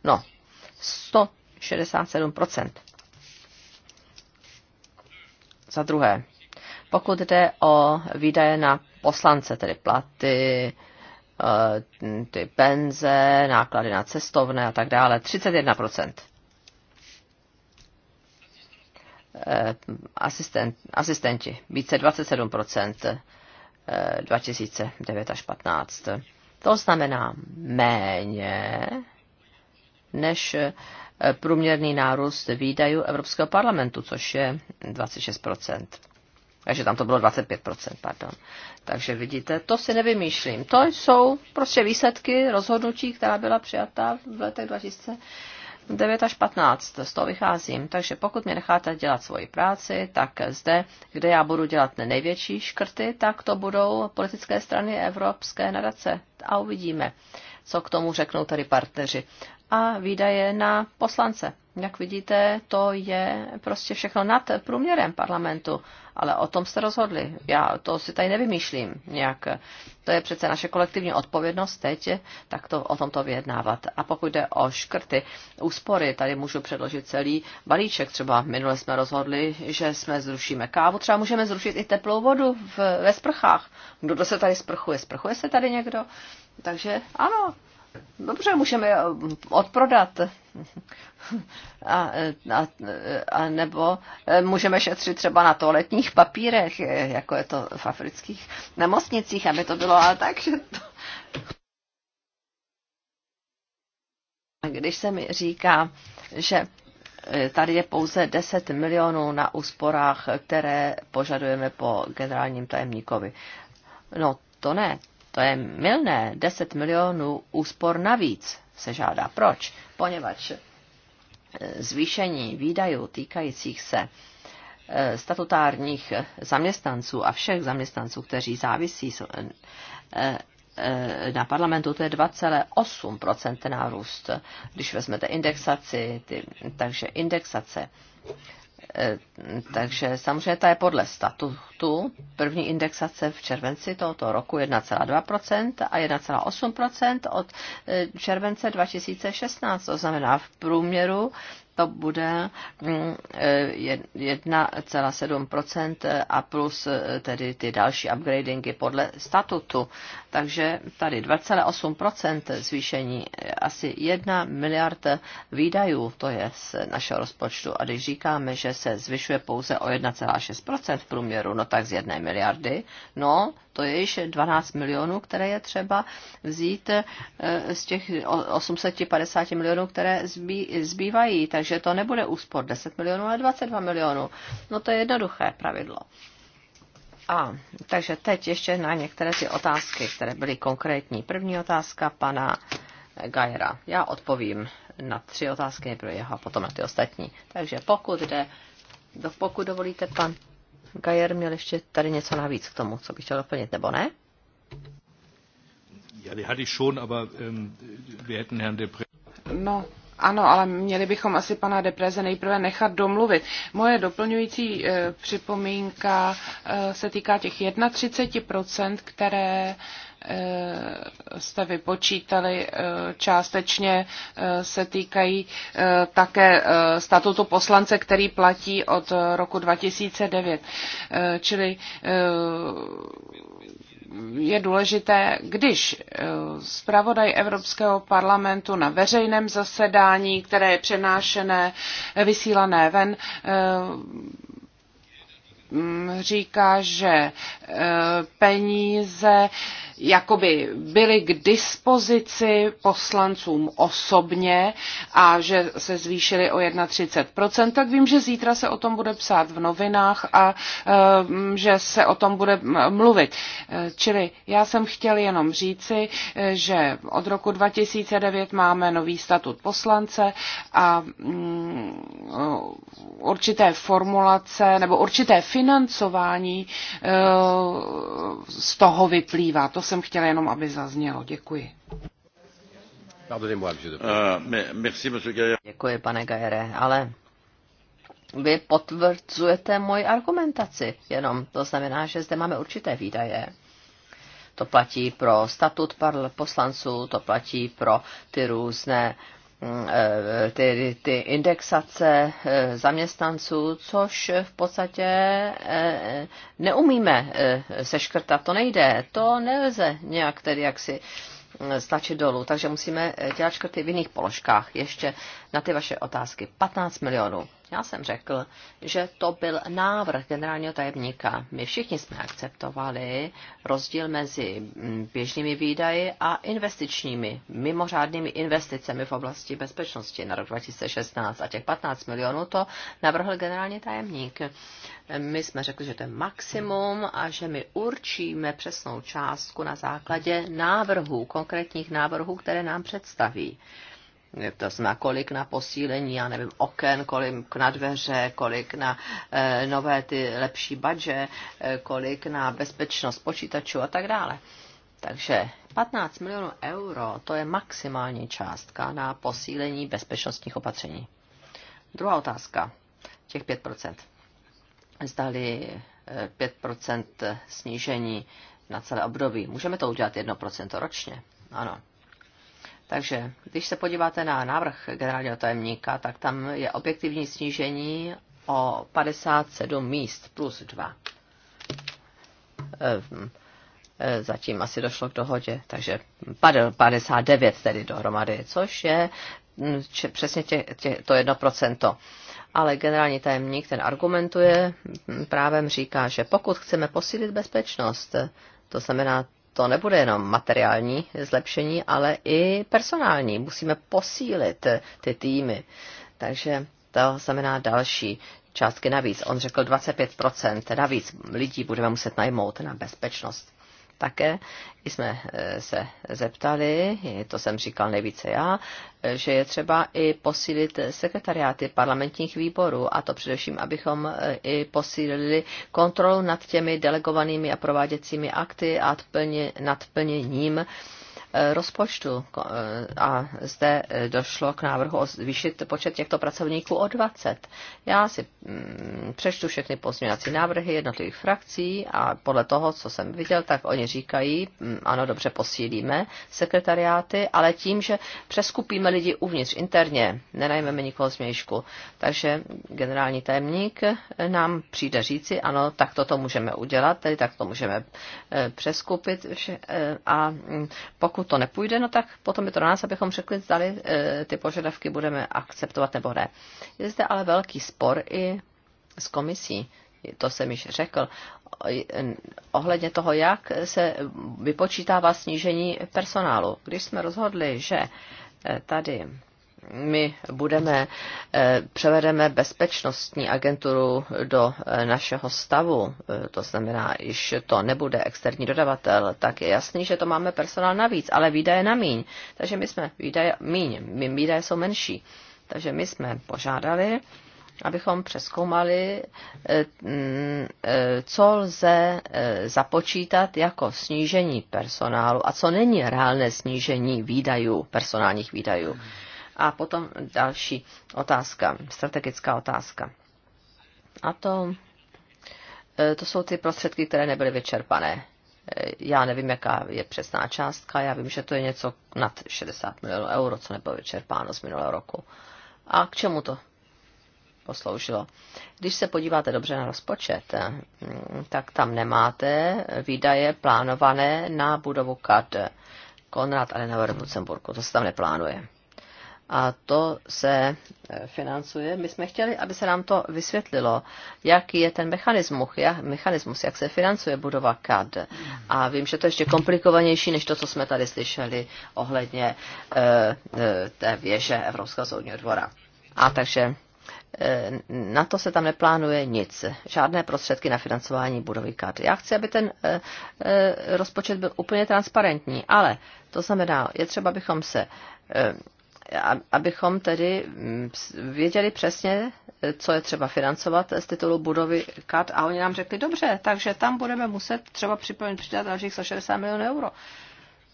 Speaker 2: No, 167%. Za druhé, pokud jde o výdaje na poslance, tedy platy, Eh, ty penze, náklady na cestovné a tak dále. 31%. Eh, asistent, asistenti, více 27%, 2009 eh, až 15. To znamená méně než průměrný nárůst výdajů Evropského parlamentu, což je 26 takže tam to bylo 25%, pardon. Takže vidíte, to si nevymýšlím. To jsou prostě výsledky rozhodnutí, která byla přijata v letech 2009 až 15. Z toho vycházím. Takže pokud mě necháte dělat svoji práci, tak zde, kde já budu dělat největší škrty, tak to budou politické strany Evropské nadace. A uvidíme. Uh, co k tomu řeknou tady partneři. A výdaje na poslance. Jak vidíte, to je prostě všechno nad průměrem parlamentu, ale o tom jste rozhodli. Já to si tady nevymýšlím nějak. To je přece naše kolektivní odpovědnost teď, tak to, o tom to vyjednávat. A pokud jde o škrty, úspory, tady můžu předložit celý balíček. Třeba minule jsme rozhodli, že jsme zrušíme kávu, třeba můžeme zrušit i teplou vodu v, ve sprchách. Kdo se tady sprchuje? Sprchuje se tady někdo? Takže ano, no dobře, můžeme eh, odprodat. A, eh, a, a nebo eh, můžeme šetřit třeba na toaletních papírech, jako je to v afrických nemocnicích, aby to bylo, ale tak, že to... Když se mi říká, že tady je pouze 10 milionů na úsporách, které požadujeme po generálním tajemníkovi. No, to ne. To je milné, 10 milionů úspor navíc se žádá. Proč? Poněvadž e, zvýšení výdajů týkajících se e, statutárních zaměstnanců a všech zaměstnanců, kteří závisí e, na parlamentu, to je 2,8% nárůst, když vezmete indexaci, ty, takže indexace Eh, takže samozřejmě ta je podle statutu. První indexace v červenci tohoto roku 1,2% a 1,8% od eh, července 2016. To znamená v průměru to bude 1,7% mm, e, a plus e, tedy ty další upgradingy podle statutu. Takže tady 2,8% zvýšení, e, asi 1 miliard výdajů, to je z našeho rozpočtu. A když říkáme, že se zvyšuje pouze o 1,6% v průměru, no tak z 1 miliardy, no to je již 12 milionů, které je třeba vzít eh, z těch 850 milionů, které zbývají. Takže to nebude úspor 10 milionů, ale 22 milionů. No to je jednoduché pravidlo. A takže teď ještě na některé ty otázky, které byly konkrétní. První otázka pana Gajera. Já odpovím na tři otázky nejprve jeho a potom na ty ostatní. Takže pokud jde, pokud dovolíte, pan Gajer měl ještě tady něco navíc k tomu, co bych chtěl doplnit, nebo ne?
Speaker 1: Ähm,
Speaker 3: no, ano, ale měli bychom asi pana Depreze nejprve nechat domluvit. Moje doplňující e, připomínka e, se týká těch 31%, které jste vypočítali, eh, částečně eh, se týkají eh, také statutu poslance, který platí od roku 2009. Čili je důležité, když zpravodaj Evropského parlamentu na veřejném zasedání, které je přenášené, vysílané ven, Mm, říká, že e, peníze jakoby byly k dispozici poslancům osobně a že se zvýšily o 31%, tak vím, že zítra se o tom bude psát v novinách a e, mm, že se o tom bude mluvit. E, čili já jsem chtěl jenom říci, že od roku 2009 máme nový statut poslance a mm, určité formulace nebo určité financování eh, z toho vyplývá. To jsem chtěla jenom, aby zaznělo. Děkuji.
Speaker 2: Eh, Děkuji,
Speaker 3: pane Gajere, ale
Speaker 2: vy potvrzujete moji argumentaci. Jenom to znamená, že zde máme určité výdaje. To platí pro statut poslanců, to platí pro ty různé uh, Eh, ty, ty indexace eh, zaměstnanců, což v podstatě eh, neumíme seškrtat, to nejde, to nelze nějak tedy jaksi stačit dolů, takže musíme dělat škrty v jiných položkách. Ještě na ty vaše otázky. 15 milionů. Já jsem řekl, že to byl návrh generálního tajemníka. My všichni jsme akceptovali rozdíl mezi mm, běžnými výdaji a investičními, mimořádnými investicemi v oblasti bezpečnosti na rok 2016 a těch 15 milionů to navrhl generální tajemník. My jsme řekli, že to je maximum a že my určíme přesnou částku na základě návrhů, konkrétních návrhů, které nám představí to zná kolik na posílení, já nevím, oken, kolik na dveře, kolik na e, nové ty lepší badže, e, kolik na bezpečnost počítačů a tak dále. Takže 15 milionů euro, to je maximální částka na posílení bezpečnostních opatření. Druhá otázka, těch 5%. Zdali 5% eh, snížení na celé období. Můžeme to udělat 1% ročně? Ano. Takže když se podíváte na návrh generálního tajemníka, tak tam je objektivní snížení o 57 míst plus 2. Ehm, e, zatím asi došlo k dohodě, takže 59 tedy dohromady, což je mm, přesně tě, tě, to procento. Ale generální tajemník ten argumentuje, právem říká, že pokud chceme posílit bezpečnost, to znamená to nebude jenom materiální zlepšení, ale i personální. Musíme posílit ty týmy. Takže to znamená další částky navíc. On řekl 25% navíc lidí budeme muset najmout na bezpečnost. Také jsme e, se zeptali, to jsem říkal nejvíce já, e, že je třeba i posílit sekretariáty parlamentních výborů, a to především, abychom e, i posílili kontrolu nad těmi delegovanými a prováděcími akty a nad plněním Eh, rozpočtu. Eh, a zde eh, došlo k návrhu o zvýšit počet těchto pracovníků o 20. Já si mm, přečtu všechny pozměňovací návrhy jednotlivých frakcí a podle toho, co jsem viděl, tak oni říkají, mm, ano, dobře, posílíme sekretariáty, ale tím, že přeskupíme lidi uvnitř interně, nenajmeme nikoho z mějšku. Takže generální tajemník nám přijde říci, ano, tak toto můžeme udělat, tedy tak to můžeme přeskupit a mm, pokud pokud to nepůjde, no tak potom je to na nás, abychom řekli, zdali e, ty požadavky budeme akceptovat nebo ne. Je zde ale velký spor i s komisí, to jsem již řekl, e, ohledně toho, jak se vypočítává snížení personálu. Když jsme rozhodli, že e, tady my budeme, eh, převedeme bezpečnostní agenturu do eh, našeho stavu, eh, to znamená, když to nebude externí dodavatel, tak je jasný, že to máme personál navíc, ale výdaje na míň. Takže my jsme výdaje míň, výdaje jsou menší. Takže my jsme požádali, abychom přeskoumali, mm, co lze započítat jako snížení personálu a co není reálné snížení výdajů, personálních výdajů. Hmm a potom další otázka, strategická otázka. A to, e, to jsou ty prostředky, které nebyly vyčerpané. E, já nevím, jaká je přesná částka, já vím, že to je něco nad 60 milionů euro, co nebylo vyčerpáno z minulého roku. A k čemu to posloužilo. Když se podíváte dobře na rozpočet, e, tak tam nemáte výdaje plánované na budovu KAD Konrad Adenauer v Lucemburku. To se tam neplánuje a to se e, financuje. My jsme chtěli, aby se nám to vysvětlilo, jaký je ten mechanismus, jak, mechanismus, jak se financuje budova CAD. A vím, že to je ještě komplikovanější, než to, co jsme tady slyšeli ohledně eh, té věže Evropského soudního dvora. A takže e, na to se tam neplánuje nic. Žádné prostředky na financování budovy CAD. Já chci, aby ten rozpočet byl úplně transparentní, ale to znamená, je třeba, abychom se abychom tedy mm, věděli přesně, co je třeba financovat z titulu budovy KAT. A oni nám řekli, dobře, takže tam budeme muset třeba připojit přidat dalších 160 milionů euro.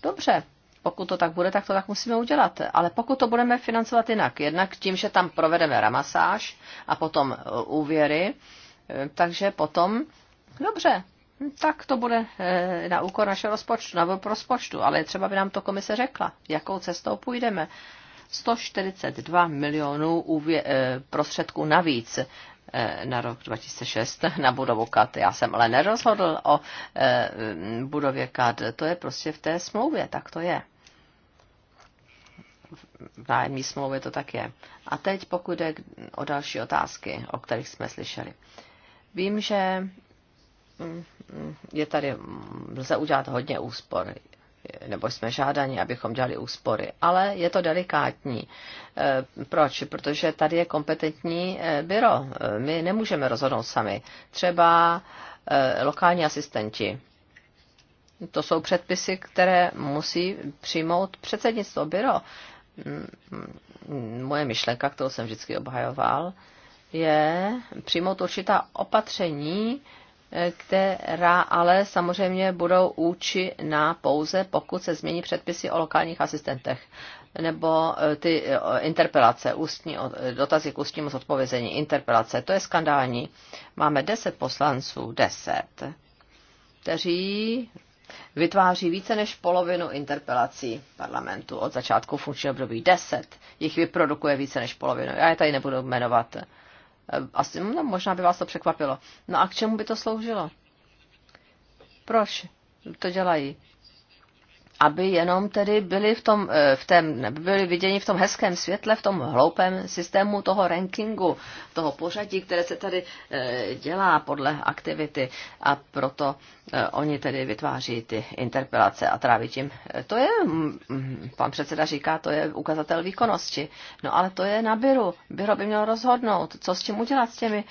Speaker 2: Dobře, pokud to tak bude, tak to tak musíme udělat. Ale pokud to budeme financovat jinak, jednak tím, že tam provedeme ramasáž a potom e, úvěry, e, takže potom, dobře, hm, tak to bude e, na úkor našeho rozpočtu, na rozpočtu, ale třeba by nám to komise řekla, jakou cestou půjdeme. 142 milionů eh, prostředků navíc eh, na rok 2006 na budovu KAT. Já jsem ale nerozhodl o eh, budově KAT. To je prostě v té smlouvě, tak to je. V nájemní smlouvě to tak je. A teď pokud jde o další otázky, o kterých jsme slyšeli. Vím, že mm, mm, je tady, mm, lze udělat hodně úspor nebo jsme žádani, abychom dělali úspory. Ale je to delikátní. E, proč? Protože tady je kompetentní e, byro. E, my nemůžeme rozhodnout sami. Třeba lokální asistenti. To jsou předpisy, které musí přijmout předsednictvo byro. Mm, moje myšlenka, kterou jsem vždycky obhajoval, je přijmout určitá opatření, která ale samozřejmě budou účinná pouze, pokud se změní předpisy o lokálních asistentech nebo e, ty e, interpelace, ústní, e, dotazy k ústnímu zodpovězení, interpelace, to je skandální. Máme deset poslanců, deset, kteří vytváří více než polovinu interpelací parlamentu od začátku funkčního období. Deset jich vyprodukuje více než polovinu. Já je tady nebudu jmenovat. Eh, asi, no, možná by vás to překvapilo. No a k čemu by to sloužilo? Proč to dělají? aby jenom tedy byli, v tom, eh, v tém, byli viděni v tom hezkém světle, v tom hloupém systému toho rankingu, toho pořadí, které se tady eh, dělá podle aktivity a proto eh, oni tedy vytváří ty interpelace a tráví tím. To je, mm, mm, pan předseda říká, to je ukazatel výkonnosti. No ale to je na byru. Byro by mělo rozhodnout, co s tím udělat s těmi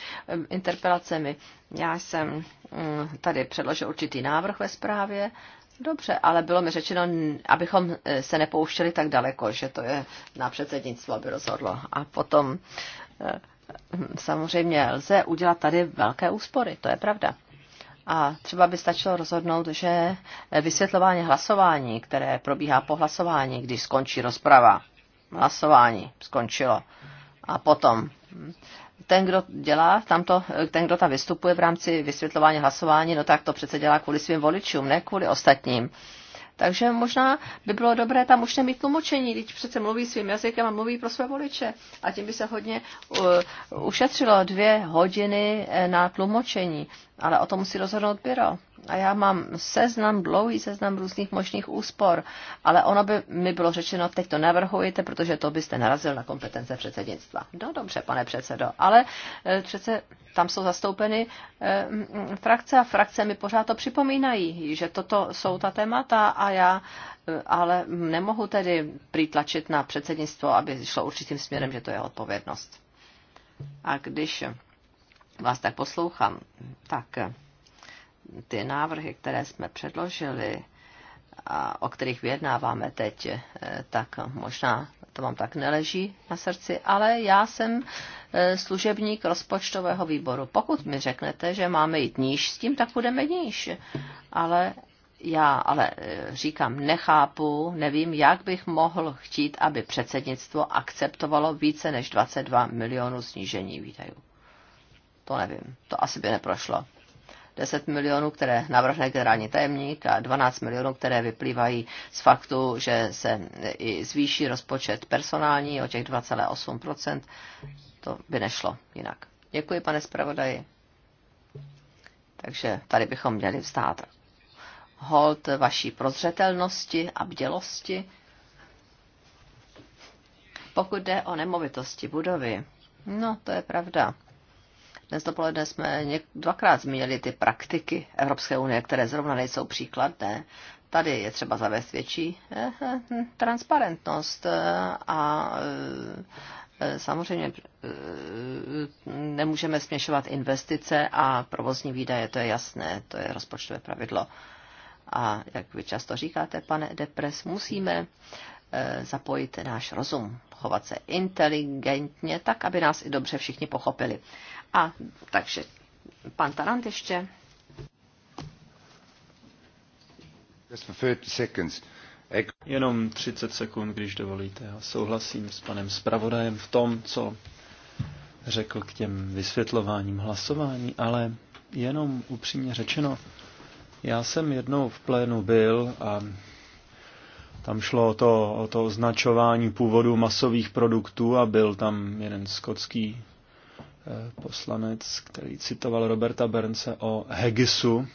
Speaker 2: interpelacemi. Já jsem mm, tady předložil určitý návrh ve zprávě Dobře, ale bylo mi řečeno, abychom e, se nepouštěli tak daleko, že to je na předsednictvo, aby rozhodlo. A potom e, hm, samozřejmě lze udělat tady velké úspory, to je pravda. A třeba by stačilo rozhodnout, že vysvětlování hlasování, které probíhá po hlasování, když skončí rozprava, hlasování skončilo, a potom hm, ten, kdo dělá, tamto, ten, kdo tam vystupuje v rámci vysvětlování hlasování, no tak to přece dělá kvůli svým voličům, ne kvůli ostatním. Takže možná by bylo dobré tam už nemít tlumočení, když přece mluví svým jazykem a mluví pro své voliče. A tím by se hodně uh, ušetřilo dvě hodiny eh, na tlumočení ale o tom musí rozhodnout byro. A já mám seznam, dlouhý seznam různých možných úspor, ale ono by mi bylo řečeno, teď to navrhujete, protože to byste narazil na kompetence předsednictva. No dobře, pane předsedo, ale eh, přece tam jsou zastoupeny eh, frakce a frakce mi pořád to připomínají, že toto jsou ta témata a já eh, ale nemohu tedy přitlačit na předsednictvo, aby šlo určitým směrem, že to je odpovědnost. A když vás tak poslouchám, tak ty návrhy, které jsme předložili a o kterých vyjednáváme teď, eh, tak možná to vám tak neleží na srdci, ale já jsem eh, služebník rozpočtového výboru. Pokud mi řeknete, že máme jít níž s tím, tak budeme níž. Ale já ale eh, říkám, nechápu, nevím, jak bych mohl chtít, aby předsednictvo akceptovalo více než 22 milionů snížení výdajů. To nevím, to asi by neprošlo. 10 milionů, které navrhne generální tajemník a 12 milionů, které vyplývají z faktu, že se i zvýší rozpočet personální o těch 2,8%, to by nešlo jinak. Děkuji, pane zpravodaji. Takže tady bychom měli vstát. Hold vaší prozřetelnosti a bdělosti. Pokud jde o nemovitosti budovy, no to je pravda. Dnes dopoledne jsme něk- dvakrát zmínili ty praktiky Evropské unie, které zrovna nejsou příkladné. Tady je třeba zavést větší eh, hm, transparentnost eh, a eh, Samozřejmě nemůžeme směšovat investice a provozní výdaje, to je jasné, to je rozpočtové pravidlo. A jak vy často říkáte, pane Depres, musíme zapojit náš rozum, chovat se inteligentně, tak, aby nás i dobře všichni pochopili. A takže pan Tarant ještě.
Speaker 1: Jenom 30 sekund, když dovolíte. Já souhlasím s panem zpravodajem v tom, co řekl k těm vysvětlováním hlasování, ale jenom upřímně řečeno, já jsem jednou v plénu byl a tam šlo o to, o to označování původu masových produktů a byl tam jeden skotský Eh, poslanec, který citoval Roberta Bernce o Hegisu.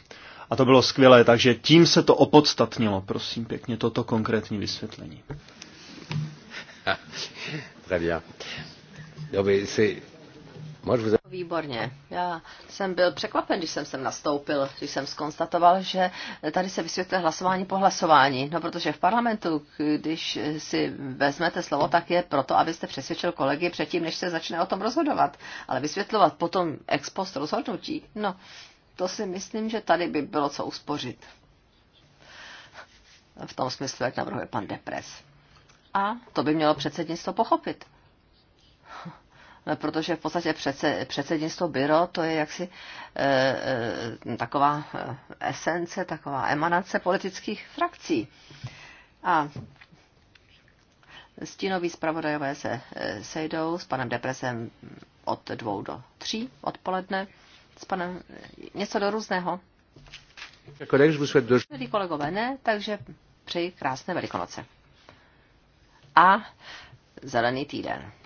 Speaker 1: A to bylo skvělé, takže tím se to opodstatnilo, prosím pěkně, toto konkrétní vysvětlení.
Speaker 3: Tak já. Non, si můžu
Speaker 2: Výborně. Já jsem byl překvapen, když jsem sem nastoupil, když jsem skonstatoval, že tady se vysvětluje hlasování po hlasování. No protože v parlamentu, když si vezmete slovo, tak je proto, abyste přesvědčil kolegy předtím, než se začne o tom rozhodovat. Ale vysvětlovat potom ex post rozhodnutí, no to si myslím, že tady by bylo co uspořit. V tom smyslu, jak navrhuje pan Depres. A to by mělo předsednictvo pochopit protože v podstatě přece, předsednictvo byro to je jaksi e, e, taková eh, esence, taková emanace politických frakcí. A stínoví zpravodajové se e, sejdou s panem Depresem od dvou do tří odpoledne. S panem něco do různého. Milí kolegové, ne, takže přeji krásné velikonoce. A zelený týden.